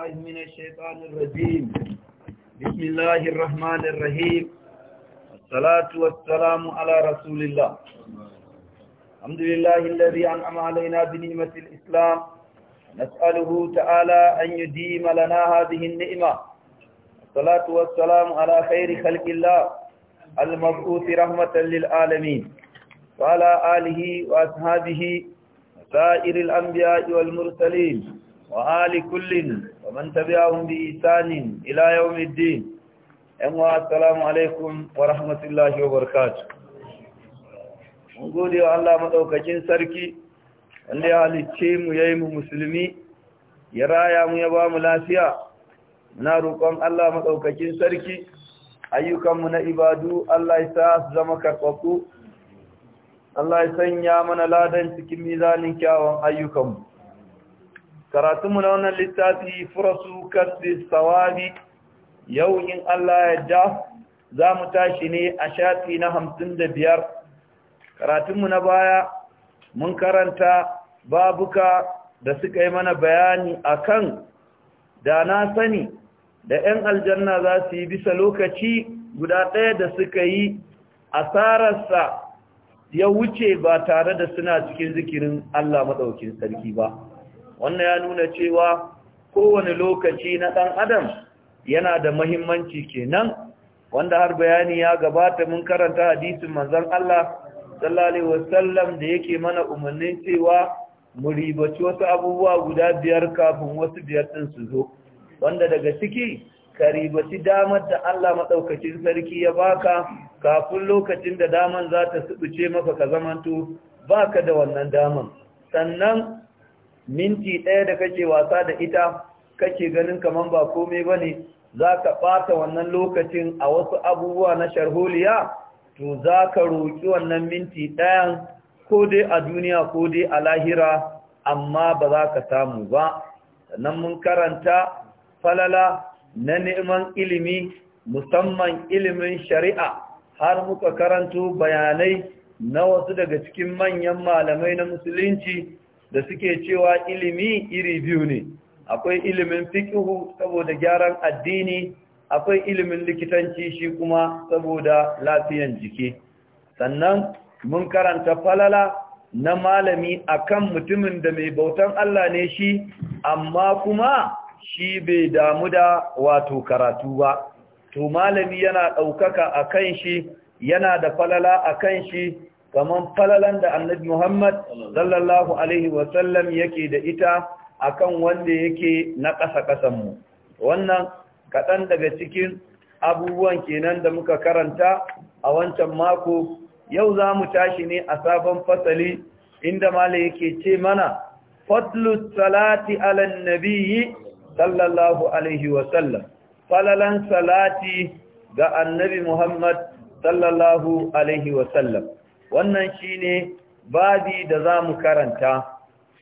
بالله من الشيطان الرجيم بسم الله الرحمن الرحيم الصلاة والسلام على رسول الله الحمد لله الذي أنعم علينا بنعمة الإسلام نسأله تعالى أن يديم لنا هذه النعمة الصلاة والسلام على خير خلق الله المبعوث رحمة للعالمين وعلى آله وأصحابه سائر الأنبياء والمرسلين وآل كل ومن تبعهم بإحسان إلى يوم الدين أما السلام عليكم ورحمة الله وبركاته mun gode wa Allah maɗaukakin sarki wanda ya mu ya yi mu musulmi ya raya mu ya ba lafiya muna roƙon Allah maɗaukakin sarki ayyukanmu na ibadu Allah ya sa su zama Allah ya sanya mana ladan cikin mizanin kyawun ayyukanmu karatunmu na wannan littafi furasu kasri sawabi yau in Allah ya ja za mu tashi ne a shafi na hamsin da biyar karatunmu na baya mun karanta babuka da suka yi mana bayani A kan da na sani da 'yan aljanna za su yi bisa lokaci guda ɗaya da suka yi asararsa ya wuce ba tare da suna cikin zikirin Allah maɗaukin sarki ba. wannan ya nuna cewa kowane lokaci na ɗan adam yana da mahimmanci kenan wanda har bayani ya gabata mun karanta hadisin manzan Allah sallallahu alaihi wasallam da yake mana umarnin cewa mu ribaci wasu abubuwa guda biyar kafin wasu biyar din su zo wanda daga ciki ka ribaci damar da Allah madaukakin sarki ya baka kafin lokacin da daman za ta subuce maka ka zamanto ka da wannan daman sannan minti ɗaya da kake wasa da ita kake ganin kamar ba komai ba ne za ka ɓata wannan lokacin a wasu abubuwa na sharholiya to za ka roƙi wannan minti ɗayan ko dai a duniya ko dai a lahira amma ba za ka samu ba sannan mun karanta falala na neman ilimi musamman ilimin shari'a har muka karanto bayanai na wasu daga cikin manyan malamai na musulunci da suke cewa ilimi iri biyu ne akwai ilimin fikihu saboda gyaran addini akwai ilimin likitanci shi kuma saboda lafiyan jiki sannan mun karanta falala na malami akan mutumin da mai bautan Allah ne shi amma kuma shi bai damu da wato karatu ba to malami yana ɗaukaka a kan shi yana da falala a kan shi kaman falalan da annabi Muhammad sallallahu alaihi wasallam yake da ita a kan wanda yake na ƙasa mu wannan kaɗan daga cikin abubuwan kenan da muka karanta a wancan mako yau za mu tashi ne a sabon fasali inda mala yake ce mana fadlus salati alan nabiyyi sallallahu alaihi wasallam falalan salati ga annabi Muhammad sallallahu alaihi wasallam wannan shine babi da za mu karanta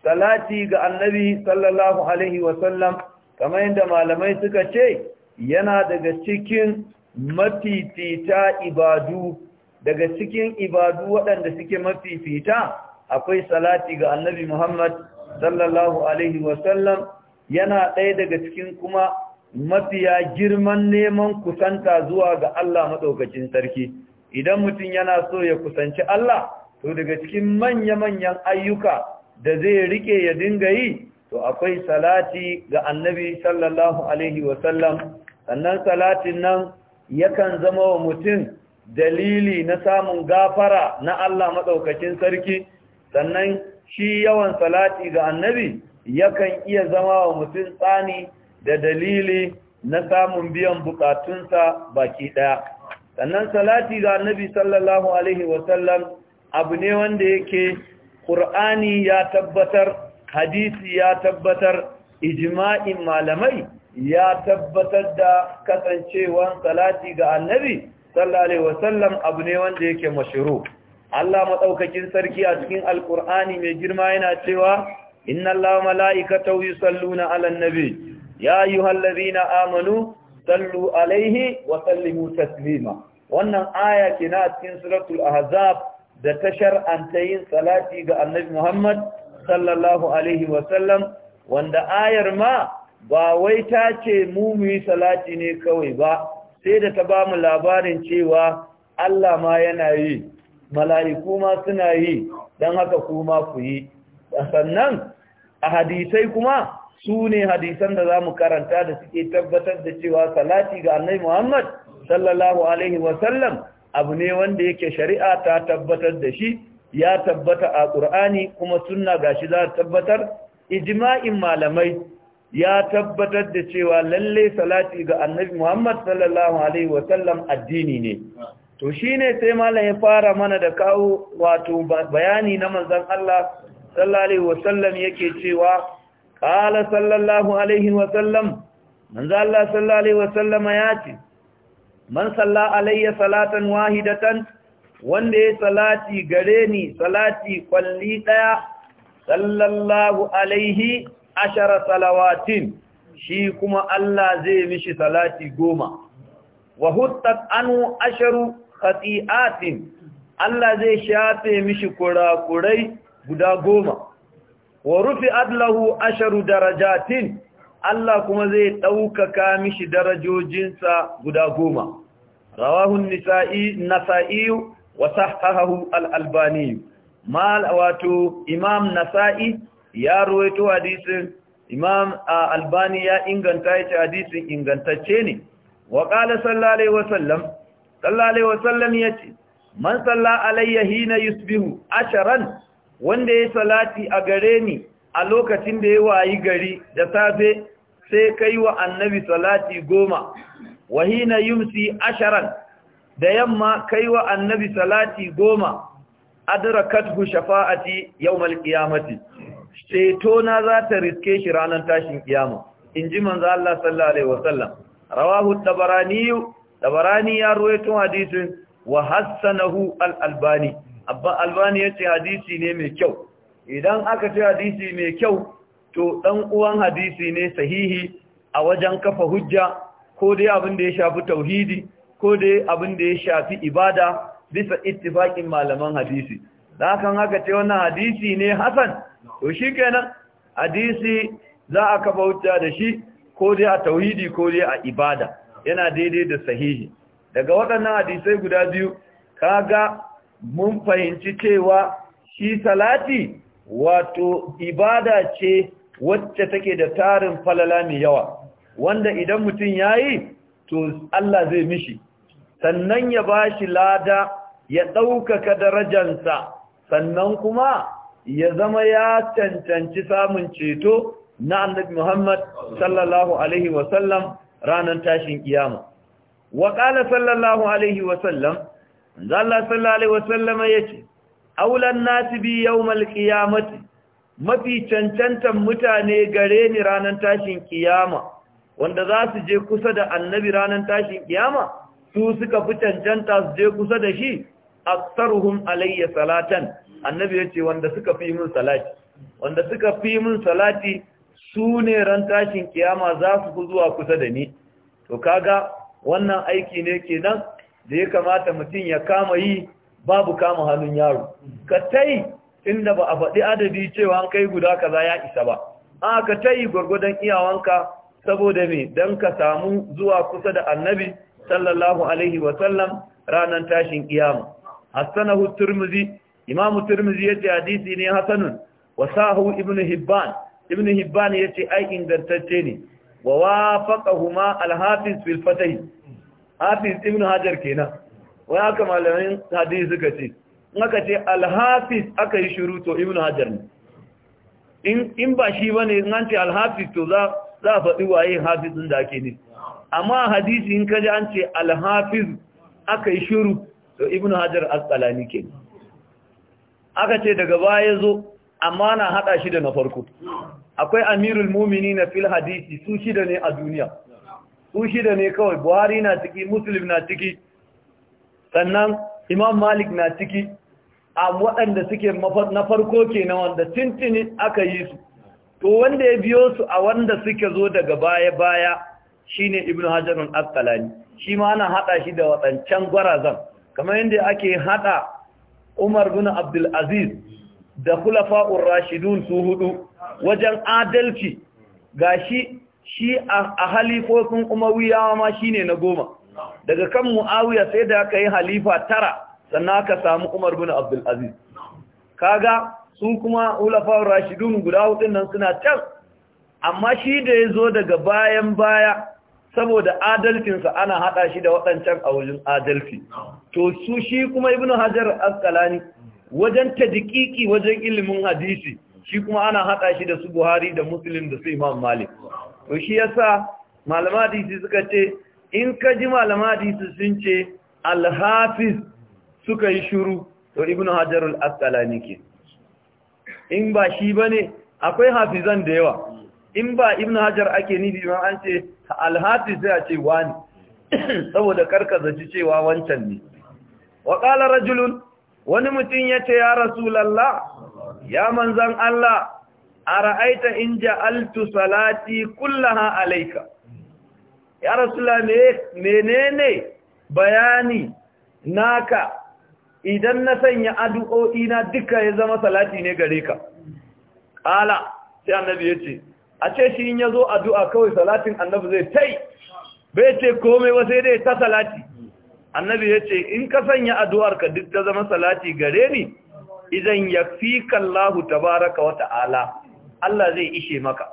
salati ga annabi sallallahu alaihi wasallam kamar yadda malamai suka ce yana daga cikin mafifita ibadu daga cikin ibadu waɗanda suke mafifita akwai salati ga annabi Muhammad sallallahu alaihi wasallam yana ɗaya daga cikin kuma mafiya girman neman kusanta zuwa ga Allah maɗaukacin sarki idan mutum yana so ya kusanci Allah to daga cikin manya-manyan ayyuka da zai rike ya dinga yi to akwai salati ga annabi sallallahu alaihi wasallam sannan salatin nan yakan zama wa mutum dalili na samun gafara na Allah maɗaukacin sarki sannan shi yawan salati ga annabi yakan iya zama wa mutum tsani da dalili na samun biyan bukatunsa baki ɗaya sannan salati ga annabi sallallahu alaihi wasallam abu ne wanda yake ƙur'ani ya tabbatar hadisi ya tabbatar ijma'in malamai ya tabbatar da kasancewan salati ga annabi sallallahu alaihi wasallam abu ne wanda yake mashiru Allah madaukakin sarki a cikin alqur'ani mai girma yana cewa inna allaha malaikatahu yusalluna ala annabi ya ayyuhallazina amanu sallu alaihi wa sallimu taslima wannan aya ke na cikin suratul ahzab da ta shar'anta yin salati ga annabi Muhammad sallallahu alaihi wasallam wanda ayar ma ba wai ta ce mu muyi salati ne kawai ba sai da ta ba mu labarin cewa Allah ma yana yi mala'iku ma suna yi don haka kuma ku yi sannan a hadisai kuma su ne hadisan da za mu karanta da suke tabbatar da cewa salati ga annabi Muhammad sallallahu alaihi wasallam abu ne wanda yake shari'a ta tabbatar da shi ya tabbata a ƙur'ani kuma sunna gashi za ta tabbatar ijma'in malamai ya tabbatar da cewa lalle salati ga annabi Muhammad sallallahu alaihi wasallam addini ne to shine sai malam ya fara mana da kawo wato bayani na manzon Allah sallallahu alaihi wasallam yake cewa qala sallallahu alaihi wasallam manzon Allah sallallahu alaihi wasallam ya ce man salla alayya salatan wahidatan wanda ya salati gare ni salati kwalli daya sallallahu alaihi ashara salawatin shi kuma Allah zai mishi salati goma wa huttat anu asharu khati'atin Allah zai shafe mishi kurakurai guda goma wa rufi adlahu asharu darajatin Allah kuma zai ɗaukaka mishi darajojinsa guda goma rawahu nisa'i nasa'i wa sahahahu al-albani mal wato imam nasa'i ya ruwaito hadisin imam albani ya inganta yace hadisin ingantacce ne wa qala sallallahu wasallam sallallahu wasallam yace man salla alayya hina yusbihu asharan wanda ya salati a gare ni a lokacin da ya wayi gari da safe sai kai wa annabi salati goma wahina yumsi asharan da yamma kai wa annabi salati goma adrakathu shafa'ati yawmal qiyamati ceto na za ta riske shi ranar tashin kiyama inji manzo Allah sallallahu alaihi wasallam rawahu tabarani tabarani ya ruwaito hadisin wa hassanahu al-albani abba albani yace hadisi ne mai kyau idan aka ce hadisi mai kyau to dan uwan hadisi ne sahihi a wajen kafa hujja ko dai abin da ya shafi tauhidi ko dai abin da ya shafi ibada bisa ittifaqin malaman hadisi dan kan haka ce wannan hadisi ne hasan to shikenan hadisi za a kafa wuta da shi ko dai a tauhidi ko dai a ibada yana daidai da sahihi daga waɗannan hadisai guda biyu kaga mun fahimci cewa shi salati wato ibada ce wacce take da tarin falala mai yawa wanda idan mutum ya yi to Allah zai mishi sannan ya ba shi lada ya ɗaukaka darajansa sannan kuma ya zama ya cancanci samun ceto na annabi Muhammad sallallahu alaihi wasallam ranar tashin kiyama wa sallallahu alaihi wasallam Allah sallallahu alaihi wasallam yace aulan nasi bi mafi cancantan mutane gare ni ranar tashin kiyama wanda za su je kusa da annabi ranar tashin kiyama su suka fi cancanta su je kusa da shi aktaruhum alayya salatan annabi ya ce wanda suka fi mun salati wanda suka fi mun salati su ne ran tashin kiyama za su fi zuwa kusa da ni to kaga wannan aiki ne kenan da ya kamata mutum ya kama yi babu kama hannun yaro ka tai inda ba a faɗi adadi cewa kai guda kaza ya isa ba a ka tai gwargwadon iyawanka saboda me dan ka samu zuwa kusa da annabi sallallahu alaihi wa sallam ranan tashin kiyama hasanahu turmuzi imam turmuzi ce hadisi ne Hassanun, wa sahu Ibn hibban ibn hibban ce ai ingantacce ne wa wafaqahuma al huma fil fatih hafiz Ibn hajar kenan ya aka malamin hadisi suka ce in aka ce al aka yi shiru to Ibn hajar ne in ba shi ne in an ce al to za za a faɗi waye hafizin da ake ne amma hadisi in kaji an ce alhafiz aka yi shiru da Ibn hajar asqalani ke aka ce daga baya zo amma na haɗa shi da na farko akwai amirul na fil hadisi su shida ne a duniya su shida ne kawai buhari na ciki muslim na ciki sannan imam malik na ciki a waɗanda suke na farko ke na wanda tintini aka yi su to wanda ya biyo su a wanda suke zo daga baya-baya shine ibn hajarun asqalani shi ma ana hada shi da wadancan gwarazan kamar yadda ake hada umar bin abdulaziz da khulafa'ur rashidun su hudu wajen adalci ga shi shi a halifofin umawiyawa ma shine na goma daga kan muawiya sai da aka yi halifa tara sannan aka samu umar bin abdulaziz aziz kaga sun kuma ulafawar rashidun guda hudun nan suna can amma shi da ya zo daga bayan baya saboda adalcinsa ana hada shi da waɗancan a wajen adalci to su shi kuma ibnu hajar asqalani wajen ta jikiki wajen ilimin hadisi shi kuma ana hada shi da su buhari da musulun da su imam malik to shi yasa malama hadisi suka ce in ka ji malama hadisi sun ce al suka yi shuru to ibnu hajar al-asqalani ke in ba shi ba ne, akwai hafizan da yawa in ba ibn hajar ake nufi ma an ce alhafi sai a ce wani saboda ci cewa wancan ne wa qala rajulun wani mutum ya ce ya rasulallah ya manzan Allah a ra'aita in ja'altu salati kullaha alaika? ya ne menene bayani naka idan na sanya addu'o'i na duka ya zama salati ne gare ka qala sai annabi ya ce. a ce shi in yazo addu'a kawai salatin annabi zai tai bai ce komai ba sai dai ta salati annabi ya ce in ka sanya addu'ar ka duk ta zama salati gare ni idan Kallahu ta baraka wata ala. Allah zai ishe maka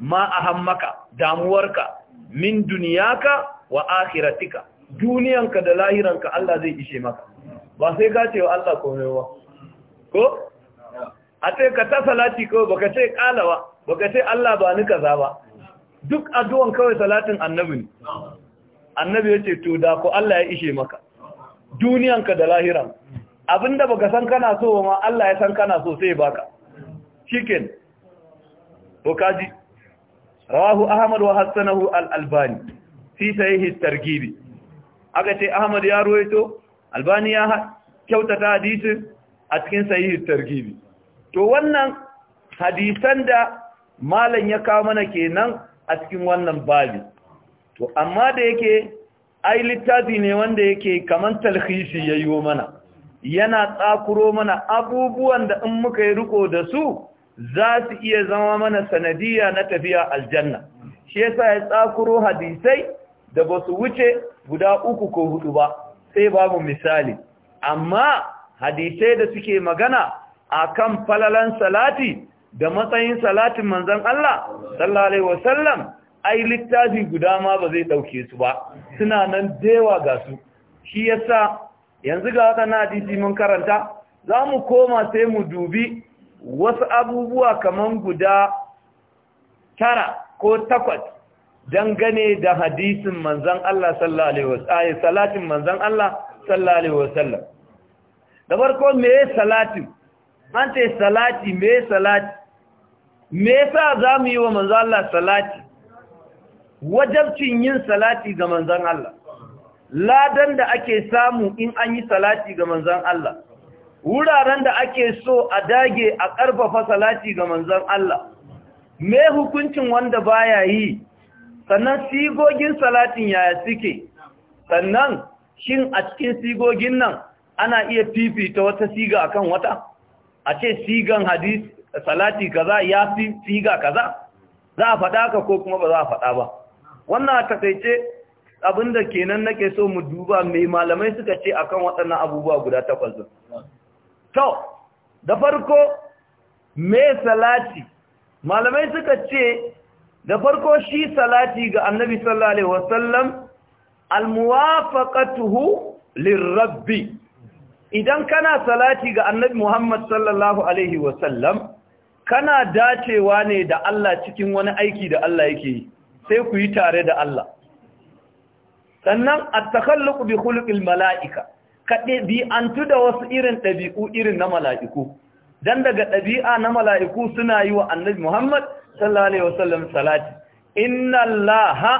ma a ahammaka damuwarka min duniyaka wa akhiratika duniyanka da lahiranka Allah zai ishe maka ba sai ka ce wa Allah komai ba ko a ce ka ta salati kawai baka ce kalawa baka ce Allah ba ni kaza ba duk addu'an kawai salatin annabi ne annabi ya to da ko Allah ya ishe maka duniyanka da lahiran abinda baka san kana so ma Allah ya san kana so sai baka chicken to kaji rawahu ahmad wa hasanahu al-albani fi sahihi targhib aka ce ahmad ya ruwaito albani ya kyautata hadisin a cikin sahihi targibi to wannan hadisan da malam ya kawo mana kenan a cikin wannan babi to amma da yake ai littafi ne wanda yake kaman talhisi ya mana yana tsakuro mana abubuwan da in muka yi riko da su za su iya zama mana sanadiyya na tafiya aljanna shi yasa ya tsakuro hadisai da ba su wuce guda uku ko hudu ba sai babu misali amma hadisai da suke magana akan falalan salati da matsayin salatin manzon Allah sallallahu alaihi wasallam ai littafi guda ma ba zai dauke su ba suna nan dewa ga su shi yasa yanzu ga wadannan hadisi mun karanta za mu koma sai mu dubi wasu abubuwa kaman guda tara ko takwas dangane da hadisin manzan Allah sallallahu alaihi wasallam eh, salatin manzan Allah sallallahu alaihi wasallam da farko me salati an ce salati me salati me yasa zamu yi wa manzan Allah salati wajabcin yin salati ga manzan Allah ladan da ake samu in an yi salati ga manzan Allah wuraren da ake so a dage a karfafa salati ga manzan Allah me hukuncin wanda baya yi sannan sigogin salatin yaya suke sannan shin a cikin sigogin nan ana iya fifita wata siga akan wata a ce sigan hadis salati kaza ya fi siga kaza za a faɗa ka ko kuma ba za a faɗa ba wannan takaice abinda kenan nake so mu duba mai malamai suka ce akan waɗannan abubuwa guda takwas to da farko me salati malamai suka ce da farko shi salati ga annabi sallallahu alaihi wasallam almuwafaqatuhu lirabbi idan kana salati ga annabi Muhammad sallallahu alaihi wasallam kana dacewa ne da Allah cikin wani aiki da Allah yake yi sai ku yi tare da Allah sannan at-takhalluq bi khuluqil mala'ika bi ɗabi'antu da wasu irin ɗabi'u irin na mala'iku dan daga ɗabi'a na mala'iku suna yi wa annabi Muhammad sallallahu alaihi wasallam salati inna allaha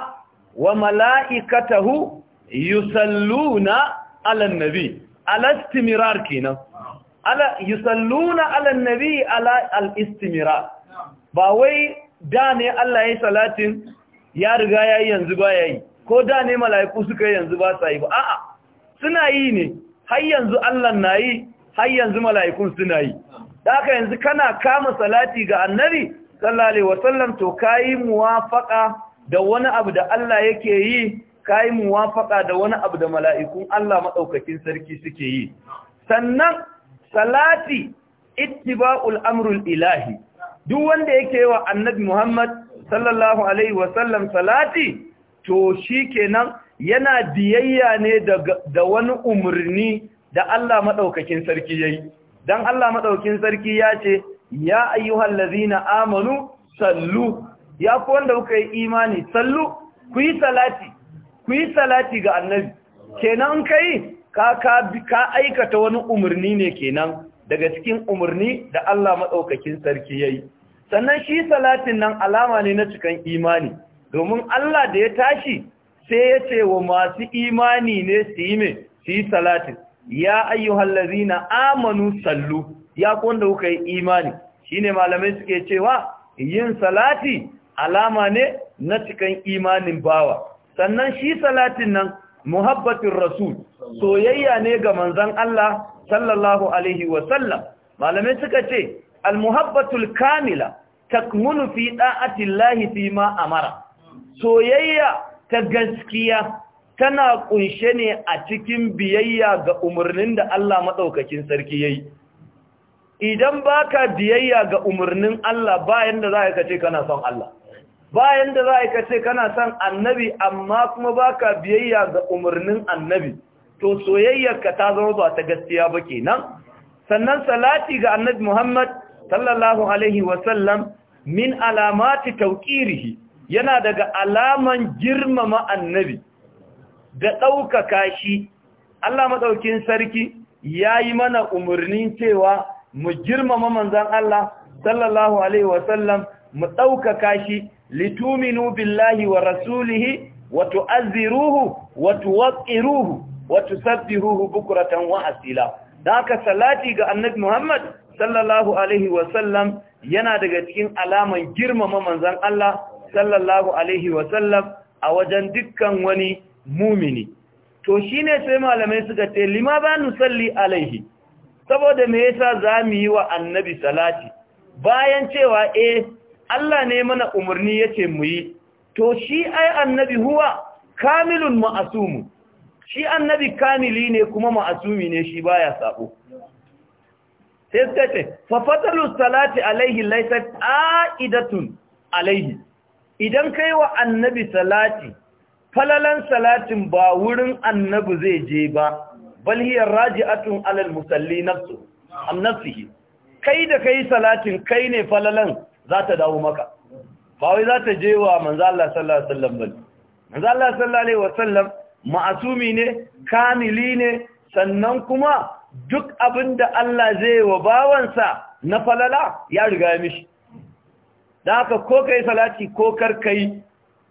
wa mala'ikatahu yusalluna ala nabi ala istimrar kenan ala yusalluna ala nabi ala al istimrar ba wai da ne Allah yayi salatin ya riga yayi yanzu ba yayi ko da ne mala'iku suka yanzu ba sai yi ba a'a suna yi ne har yanzu Allah na yi har yanzu mala'ikun suna yi da haka yanzu kana kama salati ga annabi sallallahu alaihi wasallam to kai muwafaqa da wani abu da Allah yake yi kai muwafaqa da wani abu da mala'ikun Allah madaukakin sarki suke yi sannan salati ittiba'ul amrul ilahi duk wanda yake wa annabi Muhammad sallallahu alaihi wasallam salati to shikenan yana biyayya ne da wani umarni da Allah madaukakin sarki yayi dan Allah madaukakin sarki ya ce ya ayyuhal ladhina amanu sallu ya ku wanda kuka yi imani sallu ku yi salati ku yi salati ga annabi kenan kai ka ka ka aikata wani umarni ne kenan daga cikin umarni da Allah madaukakin sarki yayi sannan shi salatin nan alama ne na cikan imani domin Allah da ya tashi sai ya ce wa masu imani ne su yi me su yi salatin ya amanu sallu ya wanda kuka yi imani shine malamai suke cewa yin salati alama ne na cikan imanin bawa sannan shi salatin nan muhabbatin rasul soyayya ne ga manzon Allah sallallahu alaihi wa sallam malamai suka ce al muhabbatul kamila takmunu fi da'ati llahi fi ma amara soyayya ta gaskiya tana kunshe ne a cikin biyayya ga umarnin da Allah madaukakin sarki yayi idan baka biyayya ga umarnin Allah bayan da za a kace kana son Allah bayan da za a kace kana son annabi amma kuma baka biyayya ga umarnin annabi to soyayyarka ta zama ba ta gaskiya ba ke nan? sannan salati ga annabi Muhammad sallallahu alaihi wasallam min alamati tauqirihi yana daga alaman girmama annabi da ɗaukaka shi Allah maɗaukin sarki ya yi mana umarnin cewa mu girmama manzan Allah sallallahu alaihi sallam mu ɗaukaka shi lituminu billahi wa rasulihi wa tu'azziruhu wa tuwaqqiruhu wa tusabbihuhu bukratan wa asila haka salati ga annabi Muhammad sallallahu alaihi sallam yana daga cikin alaman girmama manzan Allah sallallahu alaihi sallam a wajen dukkan wani mumini to shine sai malamai suka ce lima ba nusalli alaihi saboda me yasa za mu yi wa annabi salati bayan cewa eh Allah ne mana umarni yace mu yi to shi ai annabi huwa kamilun ma'asumu shi annabi kamili ne kuma ma'asumi ne shi baya sabo sai sai fa fatalu salati alaihi laysat aidatun alaihi idan kai wa annabi salati falalan salatin ba wurin annabi zai je ba bal hiya raji'atun alal musalli nafsu am nafsihi kai da kai salatin kai ne falalan za ta dawo maka ba wai za ta je wa manzo Allah sallallahu alaihi wasallam bane manzo Allah sallallahu alaihi wasallam ma'asumi ne kamili ne sannan kuma duk abinda Allah zai wa bawansa na falala ya riga ya mishi da haka ko kai salati ko kar kai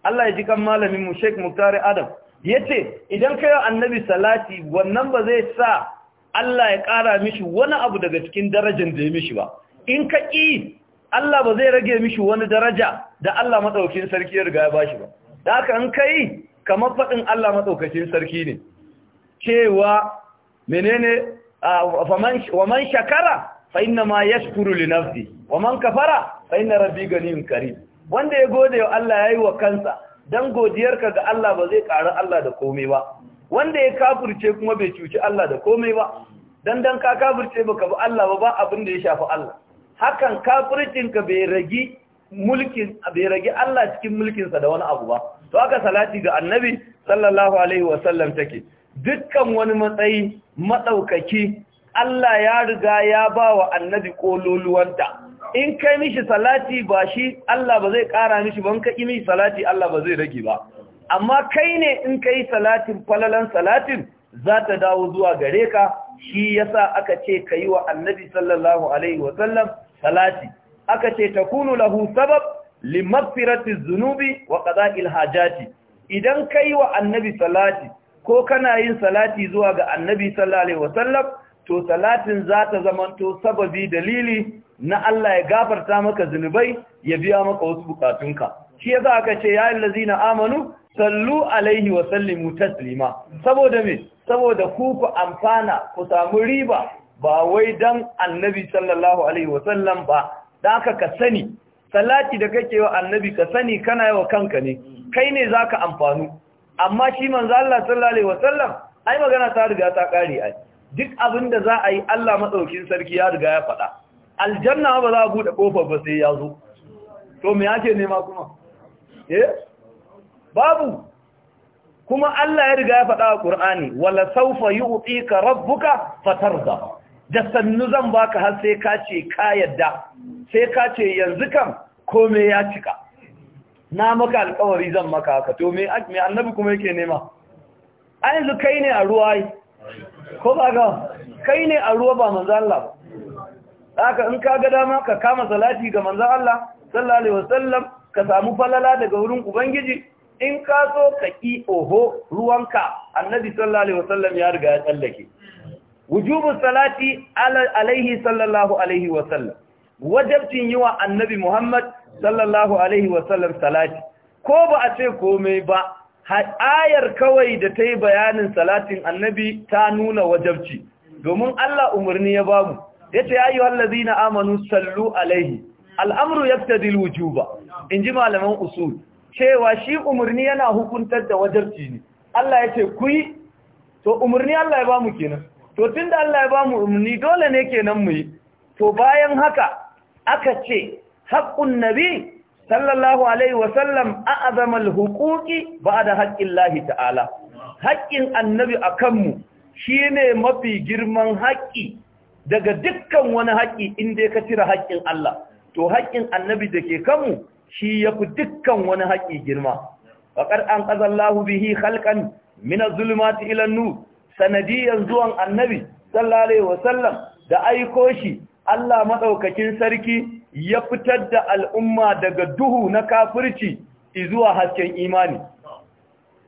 Allah ya ji kan malamin mu Sheikh Muktar Adam ya ce idan yi annabi salati wannan ba zai sa Allah ya ƙara mishi wani abu daga cikin darajar da ya mishi ba in ka ƙi Allah ba zai rage mishi wani daraja da Allah maɗaukin sarki ya riga ya bashi ba da haka in ka kamar faɗin Allah maɗaukakin sarki ne cewa menene wa man shakara fa inna ma yashkuru li nafsi wa man kafara fa inna rabbi ganiyun karim wanda ya gode wa Allah yi wa kansa don godiyarka ga Allah ba zai ƙari Allah da komai ba wanda ya kafirce kuma bai cuci Allah da komai ba don don ka kafirce baka bi Allah ba ba abin da ya shafi Allah hakan kafircinka bai ragi ragi Allah cikin mulkinsa da wani abu ba to haka salati ga annabi sallallahu alaihi wasallam take dukkan wani matsayi maɗaukaki Allah ya riga ya ba wa annabi ƙololuwanta in kai mishi salati ba shi Allah ba zai ƙara mishi ban ka mishi salati Allah ba zai rage ba amma kai ne in kai salatin falalan salatin za ta dawo zuwa gare ka shi yasa aka ce ka yi wa annabi sallallahu alaihi wasallam salati aka ce ta kunu lahu sabab limaffirati zunubi wa qada'il ilhajati idan ka yi wa annabi salati ko kana yin salati zuwa ga annabi sallallahu alaihi wasallam to salatin za ta zamanto sababi dalili na Allah ya gafarta maka zunubai ya biya maka wasu bukatunka shi yasa aka ce ya na amanu sallu alaihi wa sallimu taslima saboda me saboda ku ku amfana ku samu riba ba wai dan annabi sallallahu alaihi wa sallam ba da aka ka sani salati da kake wa annabi ka sani kana yawa kanka ne kai ne zaka amfanu amma shi manzo Allah sallallahu wa sallam ai magana ta riga ta kare ai duk abinda za a yi Allah madaukin sarki ya riga ya faɗa aljanna ba za a buɗe ƙofar ba sai ya zo to me ake nema kuma eh babu kuma Allah ya riga ya faɗa a Qur'ani wala sawfa yu'tika rabbuka fatarda da sannu zan baka har sai ka ce ka yadda sai ka ce yanzu kam kome ya cika na maka alkawari zan maka haka to me me annabi kuma yake nema a yanzu kai ne a ruwa ko ba ga kai ne a ruwa ba manzo Allah haka in ka ga dama ka kama salati ga manzon Allah sallallahu alaihi wasallam ka samu falala daga wurin ubangiji in ka so ka ki oho ruwanka annabi sallallahu alaihi wasallam ya riga ya tsallake wujubu salati alaihi sallallahu alaihi wasallam wajabcin yi wa annabi Muhammad sallallahu alaihi wasallam salati ko ba a ce komai ba ayar kawai da ta yi bayanin salatin annabi ta nuna wajabci domin Allah umarni ya bamu yace ya ayyuhal na amanu sallu alaihi al'amru yaktadi In inji malaman usul cewa shi umarni yana hukuntar da wajarci ne Allah ce ku yi to umarni Allah ya bamu kenan to tunda Allah ya bamu umarni dole ne kenan mu yi to bayan haka aka ce haƙƙun nabi sallallahu alaihi wasallam a'zamal da haƙƙin, lahi ta'ala haƙƙin annabi akan mu shine mafi girman haƙƙi daga dukkan wani haƙƙi in dai ka cire haƙƙin Allah to haƙƙin annabi da ke kanmu shi ya fi dukkan wani haƙƙi girma faƙar an lahu bihi halkan mina ta ilan nu sanadiyan zuwan annabi sallare wa sallam, da aiko shi Allah maɗaukakin sarki ya fitar da al'umma daga duhu na kafirci izuwa hasken imani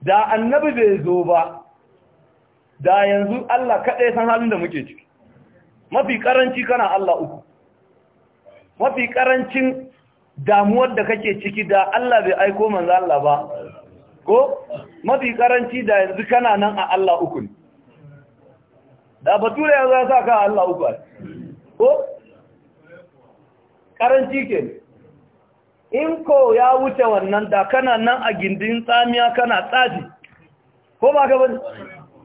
da annabi bai zo ba da yanzu Allah kaɗai san halin da muke ciki mafi karanci kana Allah uku mafi karancin damuwar da kake ciki da Allah bai aiko manzo Allah ba ko mafi karanci da yanzu kana nan a Allah uku ne da bature ya za sa ka Allah uku ko karanci ke in ko ya wuce wannan da kana nan a gindin tsamiya kana tsafi ko ba ka bane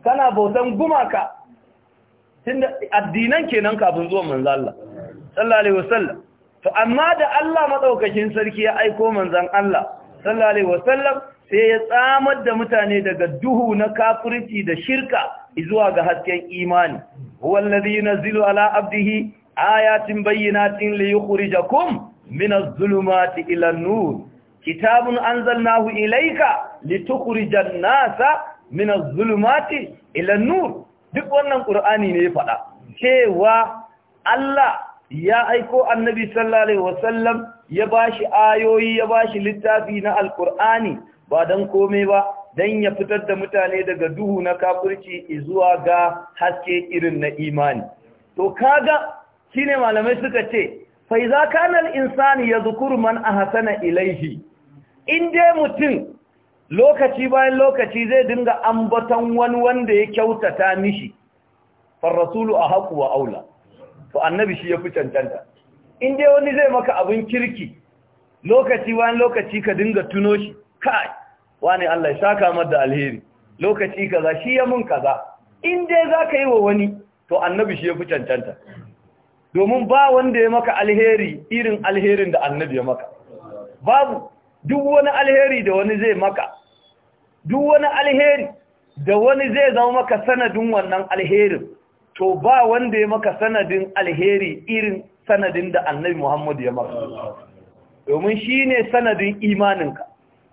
kana bautan gumaka tunda addinan kenan kafin zuwan manzo Allah sallallahu alaihi wasallam to amma da Allah madaukakin sarki ya aiko manzan Allah sallallahu alaihi wasallam sai ya tsamar da mutane daga duhu na kafirci da shirka zuwa ga hasken imani wallazi yunzilu ala abdihi ayatin bayyinatin liyukhrijakum min adh-dhulumati ila an-nur kitabun anzalnahu ilayka litukhrijan nasa min adh ila nur duk wannan ƙur'ani ne faɗa cewa Allah ya aiko annabi sallallahu alaihi wasallam ya bashi ayoyi ya bashi littafi na alƙur'ani ba don kome ba don ya fitar da mutane daga duhu na kafurci zuwa ga haske irin na imani to kaga shine malamai suka ce faiza kana al-insani yadhkuru man ahsana ilaihi in dai mutum lokaci bayan lokaci zai dinga ambaton wani wanda ya kyautata mishi rasulu a haku wa aula to annabi shi ya fi cancanta in dai wani zai maka abin kirki lokaci bayan lokaci ka dinga tuno shi kai wani Allah ya saka mar da alheri lokaci kaza shi ya mun kaza in dai za ka yi wa wani to annabi shi ya fi cancanta domin ba wanda ya maka alheri irin alherin da annabi ya maka babu duk wani alheri da wani zai maka duk wani alheri da wani zai zama maka sanadin wannan alherin to ba wanda ya maka sanadin alheri irin sanadin da annabi Muhammadu ya maka domin shi ne sanadin imaninka